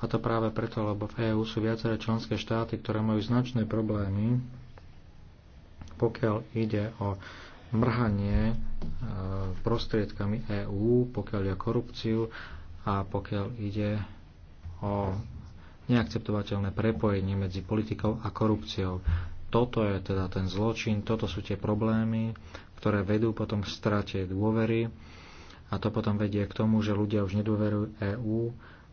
a to práve preto, lebo v EÚ sú viaceré členské štáty, ktoré majú značné problémy, pokiaľ ide o mrhanie e, prostriedkami EÚ, pokiaľ ide o korupciu a pokiaľ ide o neakceptovateľné prepojenie medzi politikou a korupciou. Toto je teda ten zločin, toto sú tie problémy, ktoré vedú potom k strate dôvery a to potom vedie k tomu, že ľudia už nedôverujú EÚ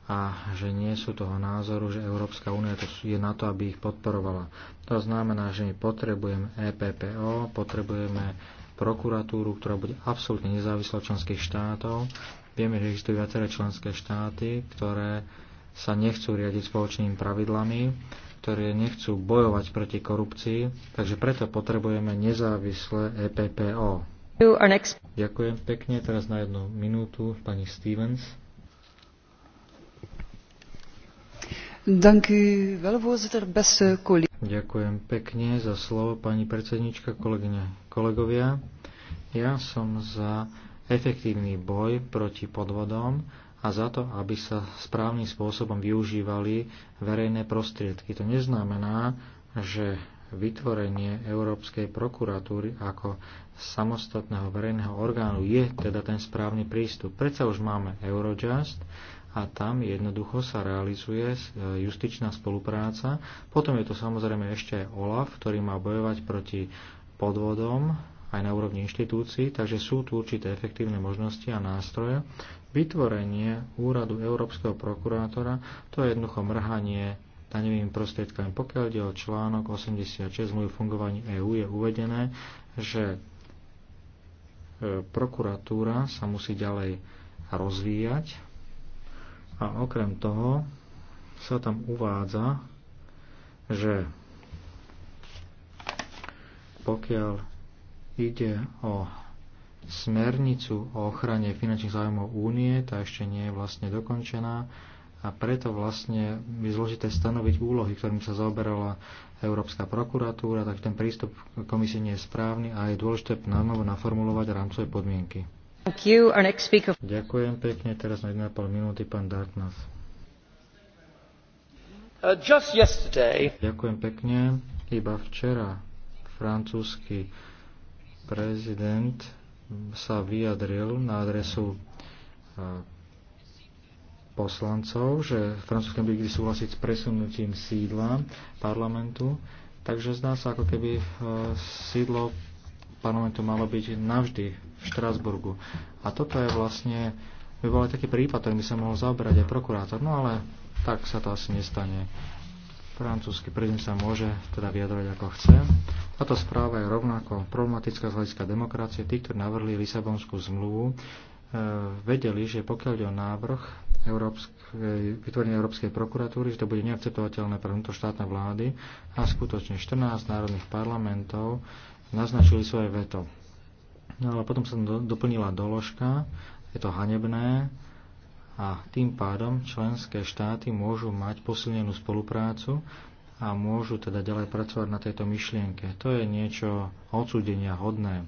a že nie sú toho názoru, že Európska únia to je na to, aby ich podporovala. To znamená, že my potrebujeme EPPO, potrebujeme prokuratúru, ktorá bude absolútne nezávislá od členských štátov. Vieme, že existujú viaceré členské štáty, ktoré sa nechcú riadiť spoločnými pravidlami, ktoré nechcú bojovať proti korupcii, takže preto potrebujeme nezávislé EPPO. Ďakujem pekne, teraz na jednu minútu pani Stevens. Ďakujem pekne za slovo, pani predsednička, kolegyne, kolegovia. Ja som za efektívny boj proti podvodom a za to, aby sa správnym spôsobom využívali verejné prostriedky. To neznamená, že vytvorenie Európskej prokuratúry ako samostatného verejného orgánu je teda ten správny prístup. Predsa už máme Eurojust, a tam jednoducho sa realizuje e, justičná spolupráca. Potom je to samozrejme ešte aj OLAF, ktorý má bojovať proti podvodom aj na úrovni inštitúcií, takže sú tu určité efektívne možnosti a nástroje. Vytvorenie úradu Európskeho prokurátora to je jednoducho mrhanie daňovými prostriedkami. Pokiaľ ide o článok 86 zmluvy fungovaní EÚ je uvedené, že e, prokuratúra sa musí ďalej rozvíjať a okrem toho sa tam uvádza, že pokiaľ ide o smernicu o ochrane finančných záujmov únie, tá ešte nie je vlastne dokončená a preto vlastne je zložité stanoviť úlohy, ktorým sa zaoberala Európska prokuratúra, tak ten prístup komisie nie je správny a je dôležité nanovo naformulovať rámcové podmienky. Ďakujem pekne. Teraz na 1,5 minúty pán Dartmouth. Uh, Ďakujem pekne. Iba včera francúzsky prezident sa vyjadril na adresu uh, poslancov, že francúzsky by kdy súhlasiť s presunutím sídla parlamentu, takže zdá sa, ako keby uh, sídlo parlamentu malo byť navždy v Štrásburgu. A toto je vlastne, by bol taký prípad, ktorým by sa mohol zaoberať aj prokurátor, no ale tak sa to asi nestane. Francúzsky prezident sa môže teda vyjadrovať ako chce. Táto správa je rovnako problematická z hľadiska demokracie. Tí, ktorí navrhli Lisabonskú zmluvu, e, vedeli, že pokiaľ ide o návrh Európskej, vytvorenia Európskej prokuratúry, že to bude neakceptovateľné pre vnútroštátne vlády a skutočne 14 národných parlamentov naznačili svoje veto. No ale potom sa do, doplnila doložka, je to hanebné a tým pádom členské štáty môžu mať posilnenú spoluprácu a môžu teda ďalej pracovať na tejto myšlienke. To je niečo odsúdenia hodné.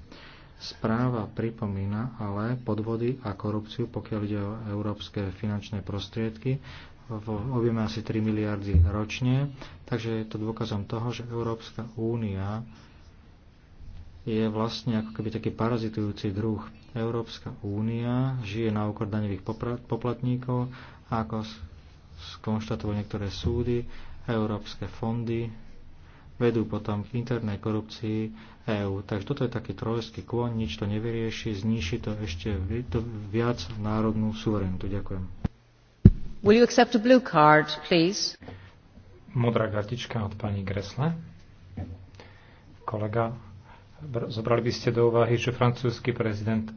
Správa pripomína ale podvody a korupciu, pokiaľ ide o európske finančné prostriedky, v objeme asi 3 miliardy ročne, takže je to dôkazom toho, že Európska únia je vlastne ako keby taký parazitujúci druh. Európska únia žije na úkor daňových poplatníkov, a ako skonštatovali niektoré súdy, európske fondy vedú potom k internej korupcii EÚ. Takže toto je taký trojský kôň, nič to nevyrieši, zniši to ešte viac národnú suverenitu. Ďakujem. Will you accept a blue card, please? Modrá kartička od pani Gresle. Kolega Zobrali by ste do úvahy, že francúzsky prezident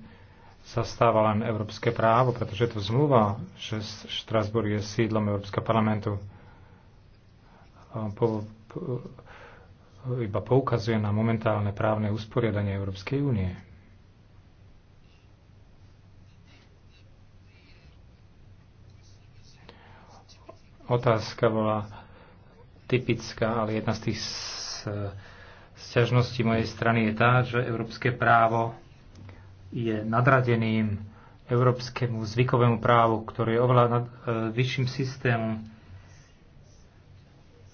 zastáva len európske právo, pretože je to zmluva, že Štrasburg je sídlom Európskeho parlamentu. Po, po, iba poukazuje na momentálne právne usporiadanie Európskej únie. Otázka bola typická, ale jedna z tých Sťažnosti mojej strany je tá, že európske právo je nadradeným európskemu zvykovému právu, ktoré je oveľa nad, e, vyšším systémom.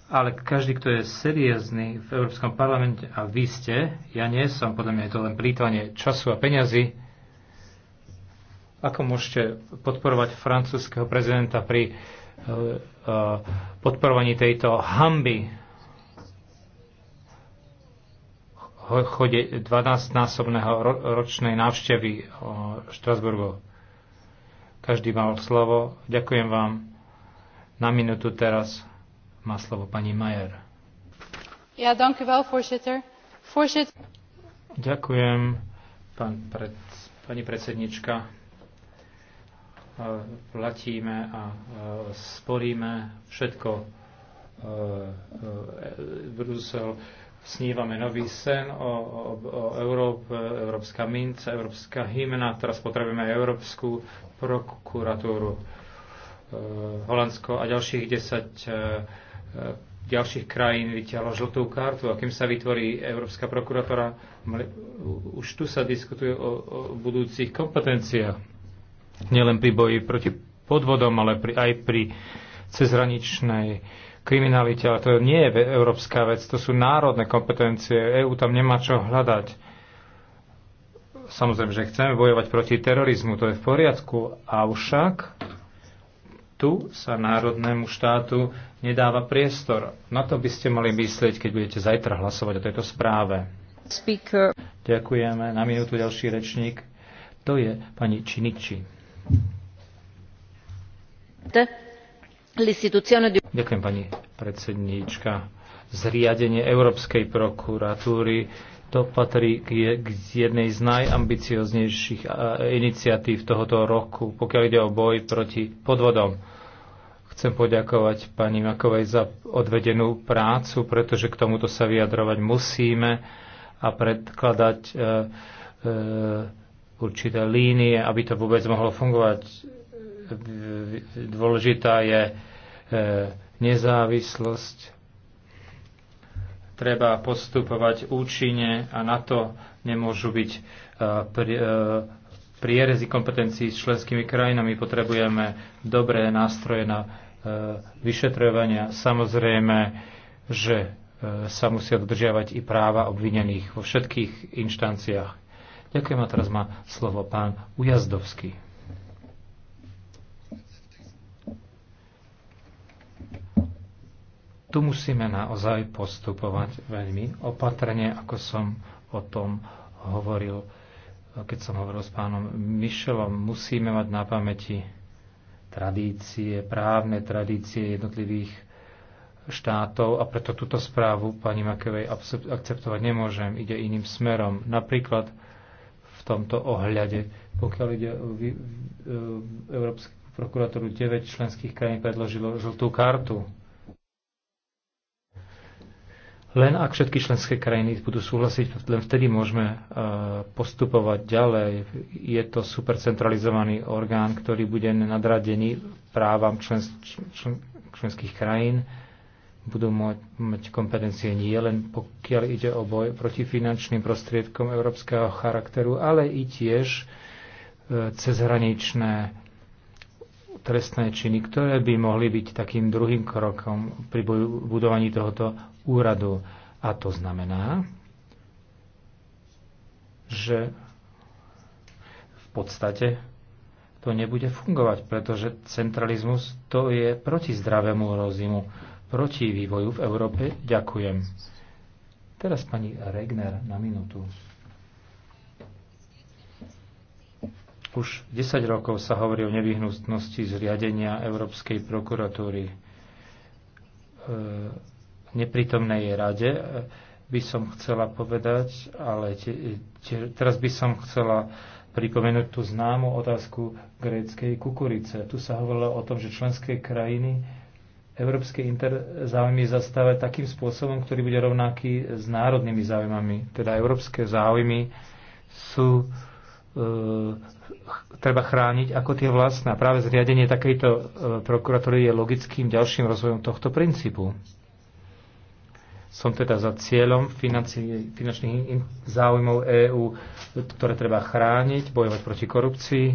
Ale každý, kto je seriózny v Európskom parlamente, a vy ste, ja nie som, podľa mňa je to len plýtvanie času a peňazí, ako môžete podporovať francúzského prezidenta pri e, e, podporovaní tejto hamby chode 12-násobného ročnej návštevy eh, Štrasburgu. Každý mal slovo. Ďakujem vám. Na minútu teraz má slovo pani Majer. Ja, danke wel, voorzitter. Voorzitter. Ďakujem, pán pred, pani predsednička. Eh, platíme a eh, sporíme všetko Brusel snívame nový sen o, o, o Európe, európska minca, európska hymna, teraz potrebujeme aj európsku prokuratúru. E, Holandsko a ďalších 10 e, e, ďalších krajín vyťahlo žltú kartu a kým sa vytvorí Európska prokuratúra, už tu sa diskutuje o, o budúcich kompetenciách. Nielen pri boji proti podvodom, ale pri, aj pri cezhraničnej kriminalite, ale to nie je európska vec, to sú národné kompetencie. EÚ tam nemá čo hľadať. Samozrejme, že chceme bojovať proti terorizmu, to je v poriadku, avšak tu sa národnému štátu nedáva priestor. Na to by ste mali myslieť, keď budete zajtra hlasovať o tejto správe. Speaker. Ďakujeme. Na minútu ďalší rečník. To je pani Činiči. Ďakujem pani predsedníčka. Zriadenie Európskej prokuratúry to patrí k jednej z najambicioznejších iniciatív tohoto roku, pokiaľ ide o boj proti podvodom. Chcem poďakovať pani Makovej za odvedenú prácu, pretože k tomuto sa vyjadrovať musíme a predkladať e, e, určité línie, aby to vôbec mohlo fungovať. Dôležitá je E, nezávislosť. Treba postupovať účinne a na to nemôžu byť e, e, prierezy kompetencií s členskými krajinami. Potrebujeme dobré nástroje na vyšetrovania. Samozrejme, že sa musia dodržiavať i práva obvinených vo všetkých inštanciách. Ďakujem a teraz má slovo pán Ujazdovský. Tu musíme naozaj postupovať veľmi opatrne, ako som o tom hovoril, keď som hovoril s pánom Mišelom. Musíme mať na pamäti tradície, právne tradície jednotlivých štátov a preto túto správu pani Makevej akceptovať nemôžem. Ide iným smerom. Napríklad v tomto ohľade, pokiaľ ide o e, Európsku prokuratúru, 9 členských krajín predložilo žltú kartu len ak všetky členské krajiny budú súhlasiť, len vtedy môžeme e, postupovať ďalej. Je to supercentralizovaný orgán, ktorý bude nadradený právam člen, člen, členských krajín. Budú mať kompetencie nie len pokiaľ ide o boj proti finančným prostriedkom európskeho charakteru, ale i tiež e, cezhraničné trestné činy, ktoré by mohli byť takým druhým krokom pri budovaní tohoto úradu. A to znamená, že v podstate to nebude fungovať, pretože centralizmus to je proti zdravému rozimu, proti vývoju v Európe. Ďakujem. Teraz pani Regner na minútu. Už 10 rokov sa hovorí o nevyhnutnosti zriadenia Európskej prokuratúry. E neprítomnej rade e, by som chcela povedať, ale te, te, teraz by som chcela pripomenúť tú známu otázku gréckej kukurice. Tu sa hovorilo o tom, že členské krajiny európske inter záujmy zastávať takým spôsobom, ktorý bude rovnaký s národnými záujmami. Teda európske záujmy sú e, treba chrániť ako tie vlastné. Práve zriadenie takejto e, prokuratúry je logickým ďalším rozvojom tohto princípu. Som teda za cieľom finančných záujmov EÚ, ktoré treba chrániť, bojovať proti korupcii.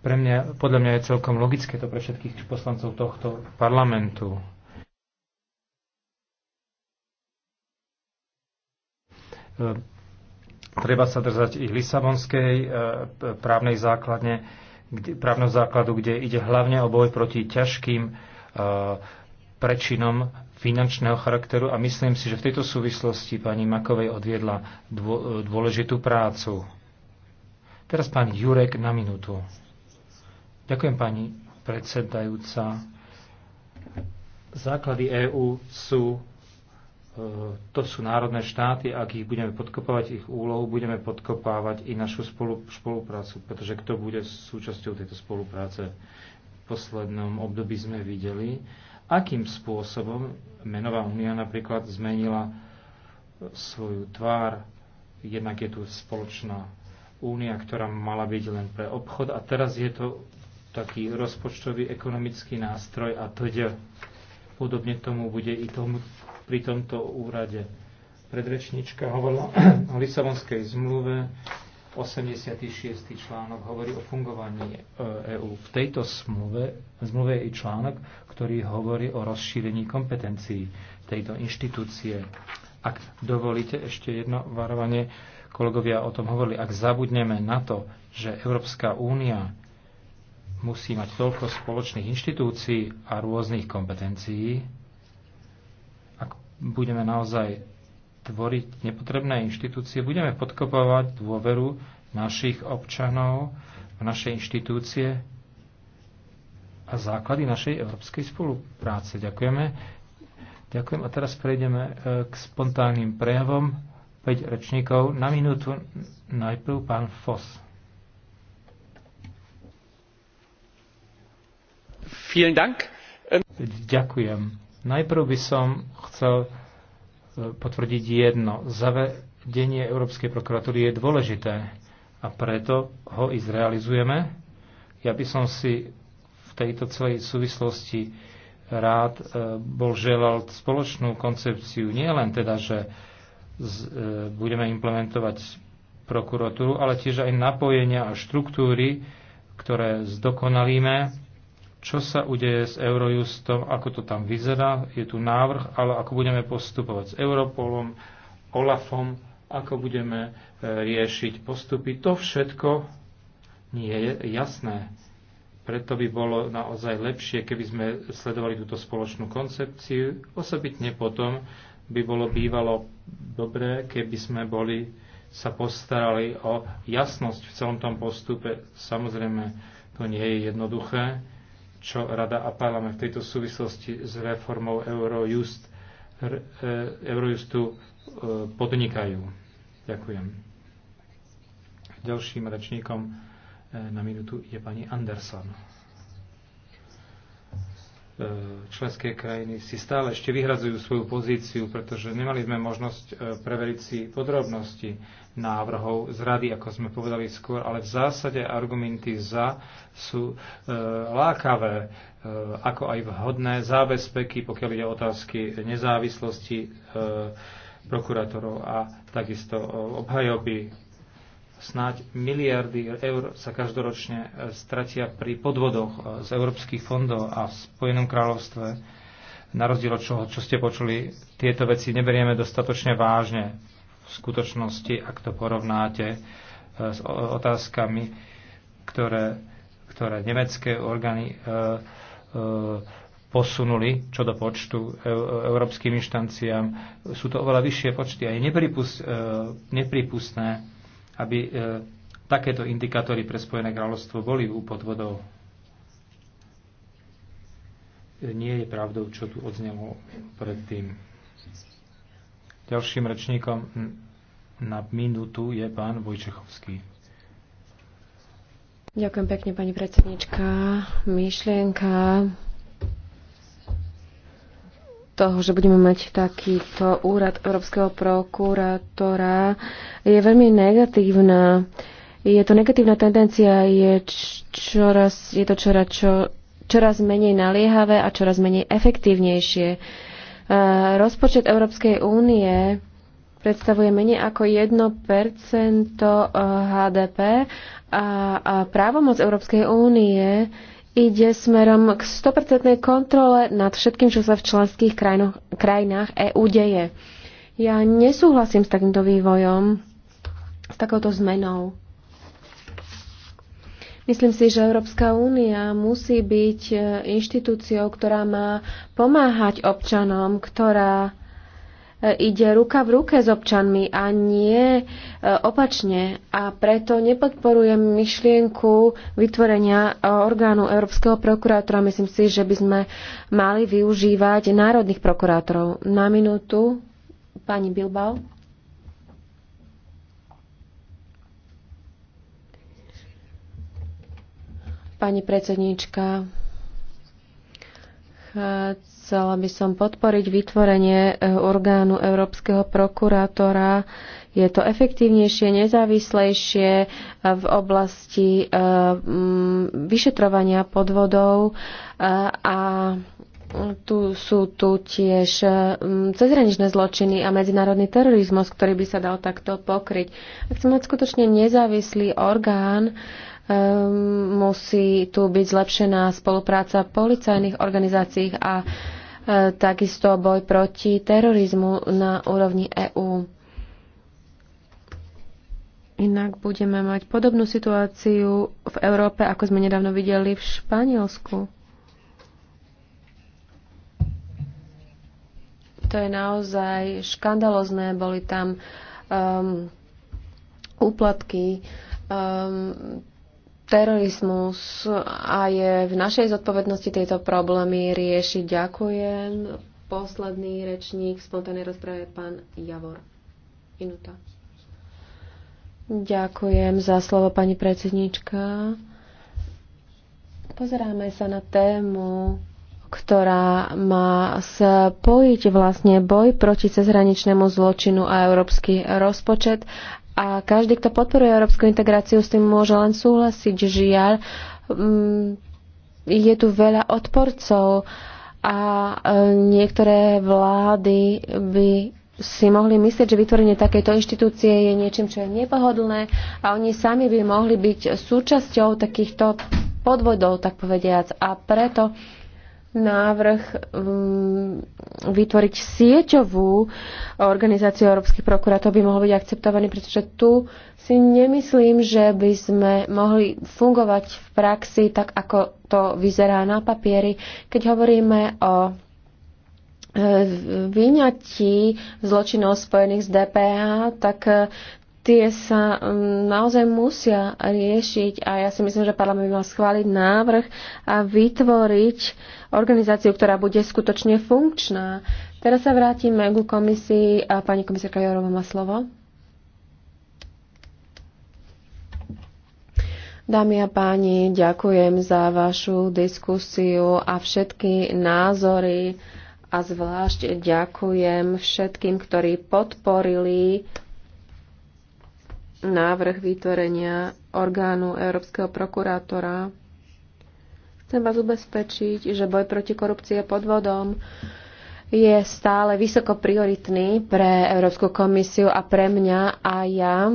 Pre mňa, podľa mňa je celkom logické to pre všetkých poslancov tohto parlamentu. E, treba sa držať i Lisabonskej e, právnej základne, právnom základu, kde ide hlavne o boj proti ťažkým e, prečinom finančného charakteru a myslím si, že v tejto súvislosti pani Makovej odviedla dôležitú prácu. Teraz pán Jurek na minútu. Ďakujem pani predsedajúca. Základy EÚ sú e, to sú národné štáty, ak ich budeme podkopávať ich úlohu, budeme podkopávať i našu spolu, spoluprácu, pretože kto bude súčasťou tejto spolupráce. V poslednom období sme videli, akým spôsobom menová únia napríklad zmenila svoju tvár. Jednak je tu spoločná únia, ktorá mala byť len pre obchod a teraz je to taký rozpočtový ekonomický nástroj a td. Podobne tomu bude i tomu, pri tomto úrade. Predrečníčka hovorila o Lisabonskej zmluve, 86. článok hovorí o fungovaní EÚ. E v tejto smluve, zmluve je i článok, ktorý hovorí o rozšírení kompetencií tejto inštitúcie. Ak dovolíte ešte jedno varovanie, kolegovia o tom hovorili, ak zabudneme na to, že Európska únia musí mať toľko spoločných inštitúcií a rôznych kompetencií, ak budeme naozaj tvoriť nepotrebné inštitúcie, budeme podkopovať dôveru našich občanov v naše inštitúcie a základy našej európskej spolupráce. Ďakujeme. Ďakujem a teraz prejdeme e, k spontánnym prejavom. 5 rečníkov na minútu. Najprv pán Foss. Vielen Dank. Ďakujem. Najprv by som chcel potvrdiť jedno. Zavedenie Európskej prokuratúry je dôležité a preto ho i zrealizujeme. Ja by som si v tejto celej súvislosti rád e, bol želal spoločnú koncepciu, nie len teda, že z, e, budeme implementovať prokuratúru, ale tiež aj napojenia a štruktúry, ktoré zdokonalíme čo sa udeje s Eurojustom, ako to tam vyzerá. Je tu návrh, ale ako budeme postupovať s Europolom, Olafom, ako budeme e, riešiť postupy. To všetko nie je jasné. Preto by bolo naozaj lepšie, keby sme sledovali túto spoločnú koncepciu. Osobitne potom by bolo bývalo dobré, keby sme boli, sa postarali o jasnosť v celom tom postupe. Samozrejme, to nie je jednoduché čo Rada a parlament v tejto súvislosti s reformou Eurojust, e, Eurojustu e, podnikajú. Ďakujem. Ďalším rečníkom e, na minútu je pani Anderson. Členské krajiny si stále ešte vyhradzujú svoju pozíciu, pretože nemali sme možnosť preveriť si podrobnosti návrhov z rady, ako sme povedali skôr, ale v zásade argumenty za sú e, lákavé, e, ako aj vhodné zábezpeky, pokiaľ ide o otázky nezávislosti e, prokurátorov a takisto obhajoby. Snáď miliardy eur sa každoročne e, stratia pri podvodoch e, z európskych fondov a v Spojenom kráľovstve na rozdiel od čoho, čo ste počuli, tieto veci neberieme dostatočne vážne v skutočnosti, ak to porovnáte e, s otázkami, ktoré, ktoré nemecké orgány e, e, posunuli čo do počtu e, európskym inštanciám. Sú to oveľa vyššie počty a je nepripust, e, nepripustné, aby e, takéto indikátory pre Spojené kráľovstvo boli u podvodov. E, nie je pravdou, čo tu odznelo predtým. Ďalším rečníkom na minútu je pán Vojčechovský. Ďakujem pekne, pani predsednička. Myšlienka toho, že budeme mať takýto úrad Európskeho prokurátora, je veľmi negatívna. Je to negatívna tendencia, je, čoraz, je to čoraz, čo, čoraz menej naliehavé a čoraz menej efektívnejšie E, rozpočet Európskej únie predstavuje menej ako 1% e, HDP a, právomoc Európskej únie ide smerom k 100% kontrole nad všetkým, čo sa v členských krajinoch, krajinách EÚ deje. Ja nesúhlasím s takýmto vývojom, s takouto zmenou. Myslím si, že Európska únia musí byť e, inštitúciou, ktorá má pomáhať občanom, ktorá e, ide ruka v ruke s občanmi a nie e, opačne. A preto nepodporujem myšlienku vytvorenia orgánu Európskeho prokurátora. Myslím si, že by sme mali využívať národných prokurátorov. Na minútu, pani Bilbao. Pani predsedníčka, chcela by som podporiť vytvorenie e, orgánu Európskeho prokurátora. Je to efektívnejšie, nezávislejšie e, v oblasti e, vyšetrovania podvodov a tu sú tu tiež cezhraničné zločiny a medzinárodný terorizmus, ktorý by sa dal takto pokryť. Ak mať skutočne nezávislý orgán, Ehm, musí tu byť zlepšená spolupráca policajných organizácií a e, takisto boj proti terorizmu na úrovni EÚ. Inak budeme mať podobnú situáciu v Európe, ako sme nedávno videli v Španielsku. To je naozaj škandalozné. Boli tam um, úplatky, um, terorizmus a je v našej zodpovednosti tieto problémy riešiť. Ďakujem. Posledný rečník v spontánnej rozprave pán Javor. Minúta. Ďakujem za slovo, pani predsednička. Pozeráme sa na tému, ktorá má spojiť vlastne boj proti cezhraničnému zločinu a európsky rozpočet a každý, kto podporuje európsku integráciu, s tým môže len súhlasiť. Žiaľ, mm, je tu veľa odporcov a e, niektoré vlády by si mohli myslieť, že vytvorenie takejto inštitúcie je niečím, čo je nepohodlné a oni sami by mohli byť súčasťou takýchto podvodov, tak povediac. A preto návrh mm, vytvoriť sieťovú organizáciu európskych prokurátov by mohol byť akceptovaný, pretože tu si nemyslím, že by sme mohli fungovať v praxi tak, ako to vyzerá na papieri. Keď hovoríme o e, vyňatí zločinov spojených s DPH, tak e, tie sa mm, naozaj musia riešiť a ja si myslím, že parlament mal schváliť návrh a vytvoriť organizáciu, ktorá bude skutočne funkčná. Teraz sa vrátime ku komisii a pani komisárka Jorová má slovo. Dámy a páni, ďakujem za vašu diskusiu a všetky názory a zvlášť ďakujem všetkým, ktorí podporili návrh vytvorenia orgánu Európskeho prokurátora. Chcem vás ubezpečiť, že boj proti korupcie pod podvodom je stále vysoko prioritný pre Európsku komisiu a pre mňa a ja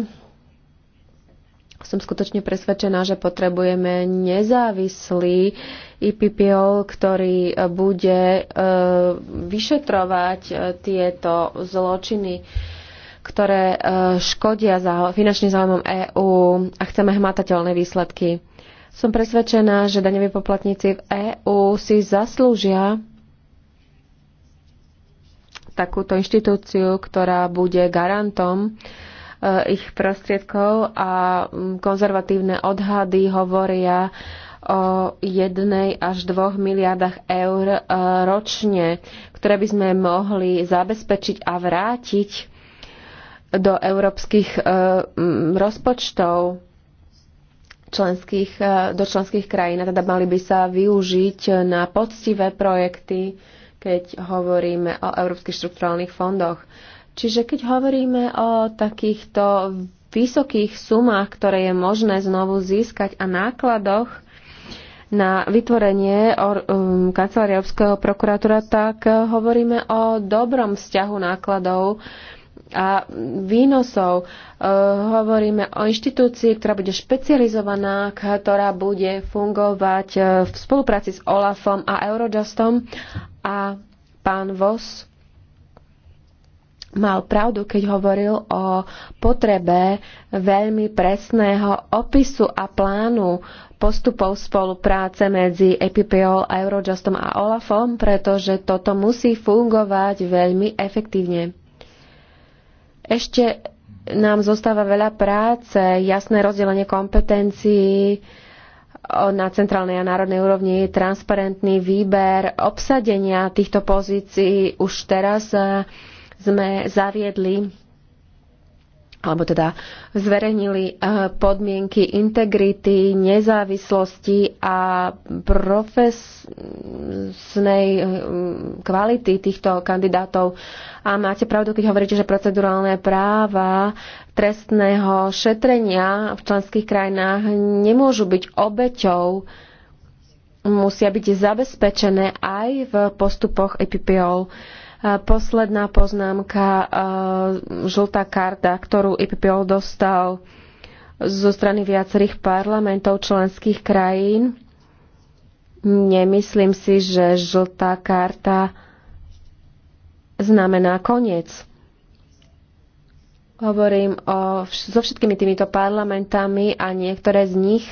som skutočne presvedčená, že potrebujeme nezávislý IPPO, ktorý e, bude e, vyšetrovať e, tieto zločiny ktoré e, škodia za finančným záujmom EÚ a chceme hmatateľné výsledky. Som presvedčená, že daňoví poplatníci v EÚ si zaslúžia takúto inštitúciu, ktorá bude garantom e, ich prostriedkov a konzervatívne odhady hovoria o 1 až 2 miliardách eur e, ročne, ktoré by sme mohli zabezpečiť a vrátiť do európskych e, rozpočtov členských, e, do členských krajín, a teda mali by sa využiť na poctivé projekty, keď hovoríme o európskych štrukturálnych fondoch. Čiže keď hovoríme o takýchto vysokých sumách, ktoré je možné znovu získať a nákladoch na vytvorenie um, kancelárie Európskeho prokurátora, tak e, hovoríme o dobrom vzťahu nákladov a výnosov. E, hovoríme o inštitúcii, ktorá bude špecializovaná, ktorá bude fungovať e, v spolupráci s OLAFom a Eurojustom. A pán Vos mal pravdu, keď hovoril o potrebe veľmi presného opisu a plánu postupov spolupráce medzi EPPO, Eurojustom a OLAFom, pretože toto musí fungovať veľmi efektívne. Ešte nám zostáva veľa práce, jasné rozdelenie kompetencií na centrálnej a národnej úrovni, transparentný výber obsadenia týchto pozícií. Už teraz eh, sme zaviedli alebo teda zverejnili eh, podmienky integrity, nezávislosti a profesnej eh, kvality týchto kandidátov. A máte pravdu, keď hovoríte, že procedurálne práva trestného šetrenia v členských krajinách nemôžu byť obeťou, musia byť zabezpečené aj v postupoch EPPO. Posledná poznámka, e, žltá karta, ktorú IPPO dostal zo strany viacerých parlamentov členských krajín. Nemyslím si, že žltá karta znamená koniec. Hovorím o, so všetkými týmito parlamentami a niektoré z nich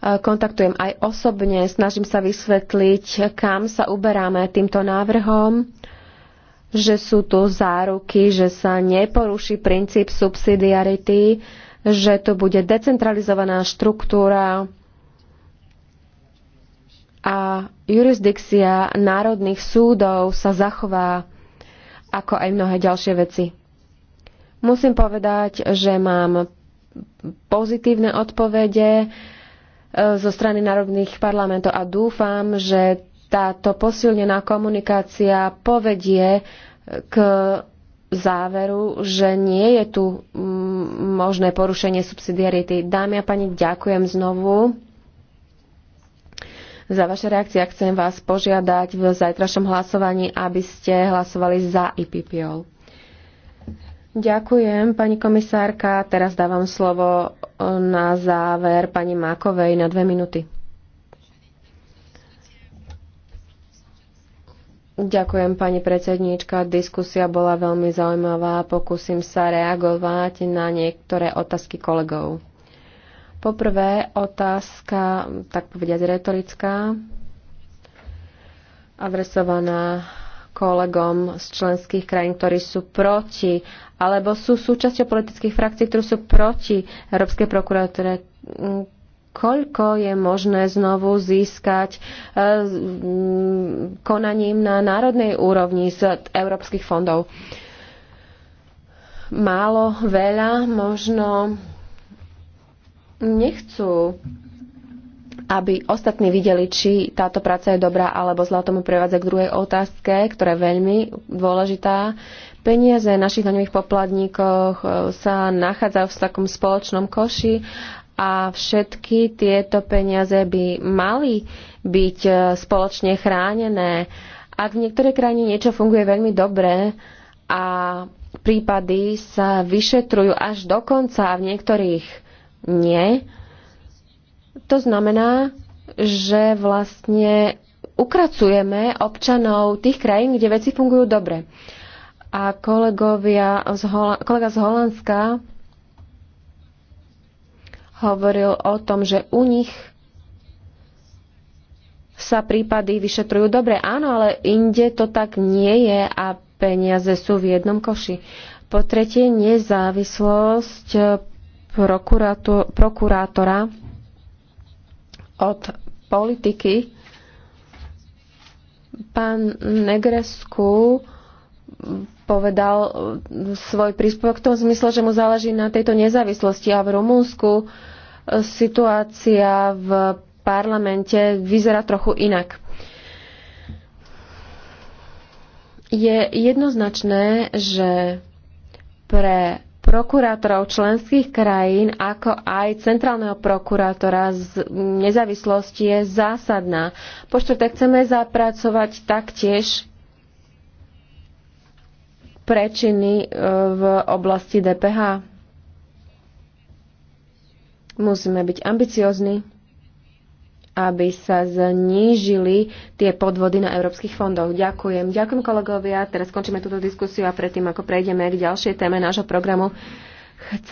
kontaktujem aj osobne, snažím sa vysvetliť, kam sa uberáme týmto návrhom, že sú tu záruky, že sa neporuší princíp subsidiarity, že to bude decentralizovaná štruktúra a jurisdikcia národných súdov sa zachová ako aj mnohé ďalšie veci. Musím povedať, že mám pozitívne odpovede E, zo strany národných parlamentov a dúfam, že táto posilnená komunikácia povedie k záveru, že nie je tu mm, možné porušenie subsidiarity. Dámy a pani, ďakujem znovu za vaše reakcie. Chcem vás požiadať v zajtrašom hlasovaní, aby ste hlasovali za IPPO. Ďakujem, pani komisárka. Teraz dávam slovo e, na záver pani Mákovej na dve minúty. Ďakujem, pani predsedníčka. Diskusia bola veľmi zaujímavá. Pokúsim sa reagovať na niektoré otázky kolegov. Poprvé otázka, tak povediať, retorická, adresovaná kolegom z členských krajín, ktorí sú proti alebo sú súčasťou politických frakcií, ktoré sú proti Európskej prokuratúre. Mm, koľko je možné znovu získať e, mm, konaním na národnej úrovni z európskych fondov? Málo, veľa, možno nechcú aby ostatní videli, či táto práca je dobrá alebo zlá. Tomu prevádza k druhej otázke, ktorá je veľmi dôležitá. Peniaze našich daňových poplatníkov e, sa nachádzajú v takom spoločnom koši a všetky tieto peniaze by mali byť e, spoločne chránené. Ak v niektorej krajine niečo funguje veľmi dobre a prípady sa vyšetrujú až do konca a v niektorých nie, to znamená, že vlastne ukracujeme občanov tých krajín, kde veci fungujú dobre. A kolegovia z Hola- kolega z Holandska hovoril o tom, že u nich sa prípady vyšetrujú dobre. Áno, ale inde to tak nie je a peniaze sú v jednom koši. Po tretie, nezávislosť prokurátora od politiky. Pán Negresku povedal svoj príspevok v tom zmysle, že mu záleží na tejto nezávislosti a v Rumúnsku situácia v parlamente vyzerá trochu inak. Je jednoznačné, že pre prokurátorov členských krajín, ako aj centrálneho prokurátora z nezávislosti je zásadná. Po štvrté, chceme zapracovať taktiež prečiny e, v oblasti DPH. Musíme byť ambiciozní aby sa znížili tie podvody na európskych fondoch. Ďakujem. Ďakujem kolegovia. Teraz skončíme túto diskusiu a predtým, ako prejdeme k ďalšej téme nášho programu, chcem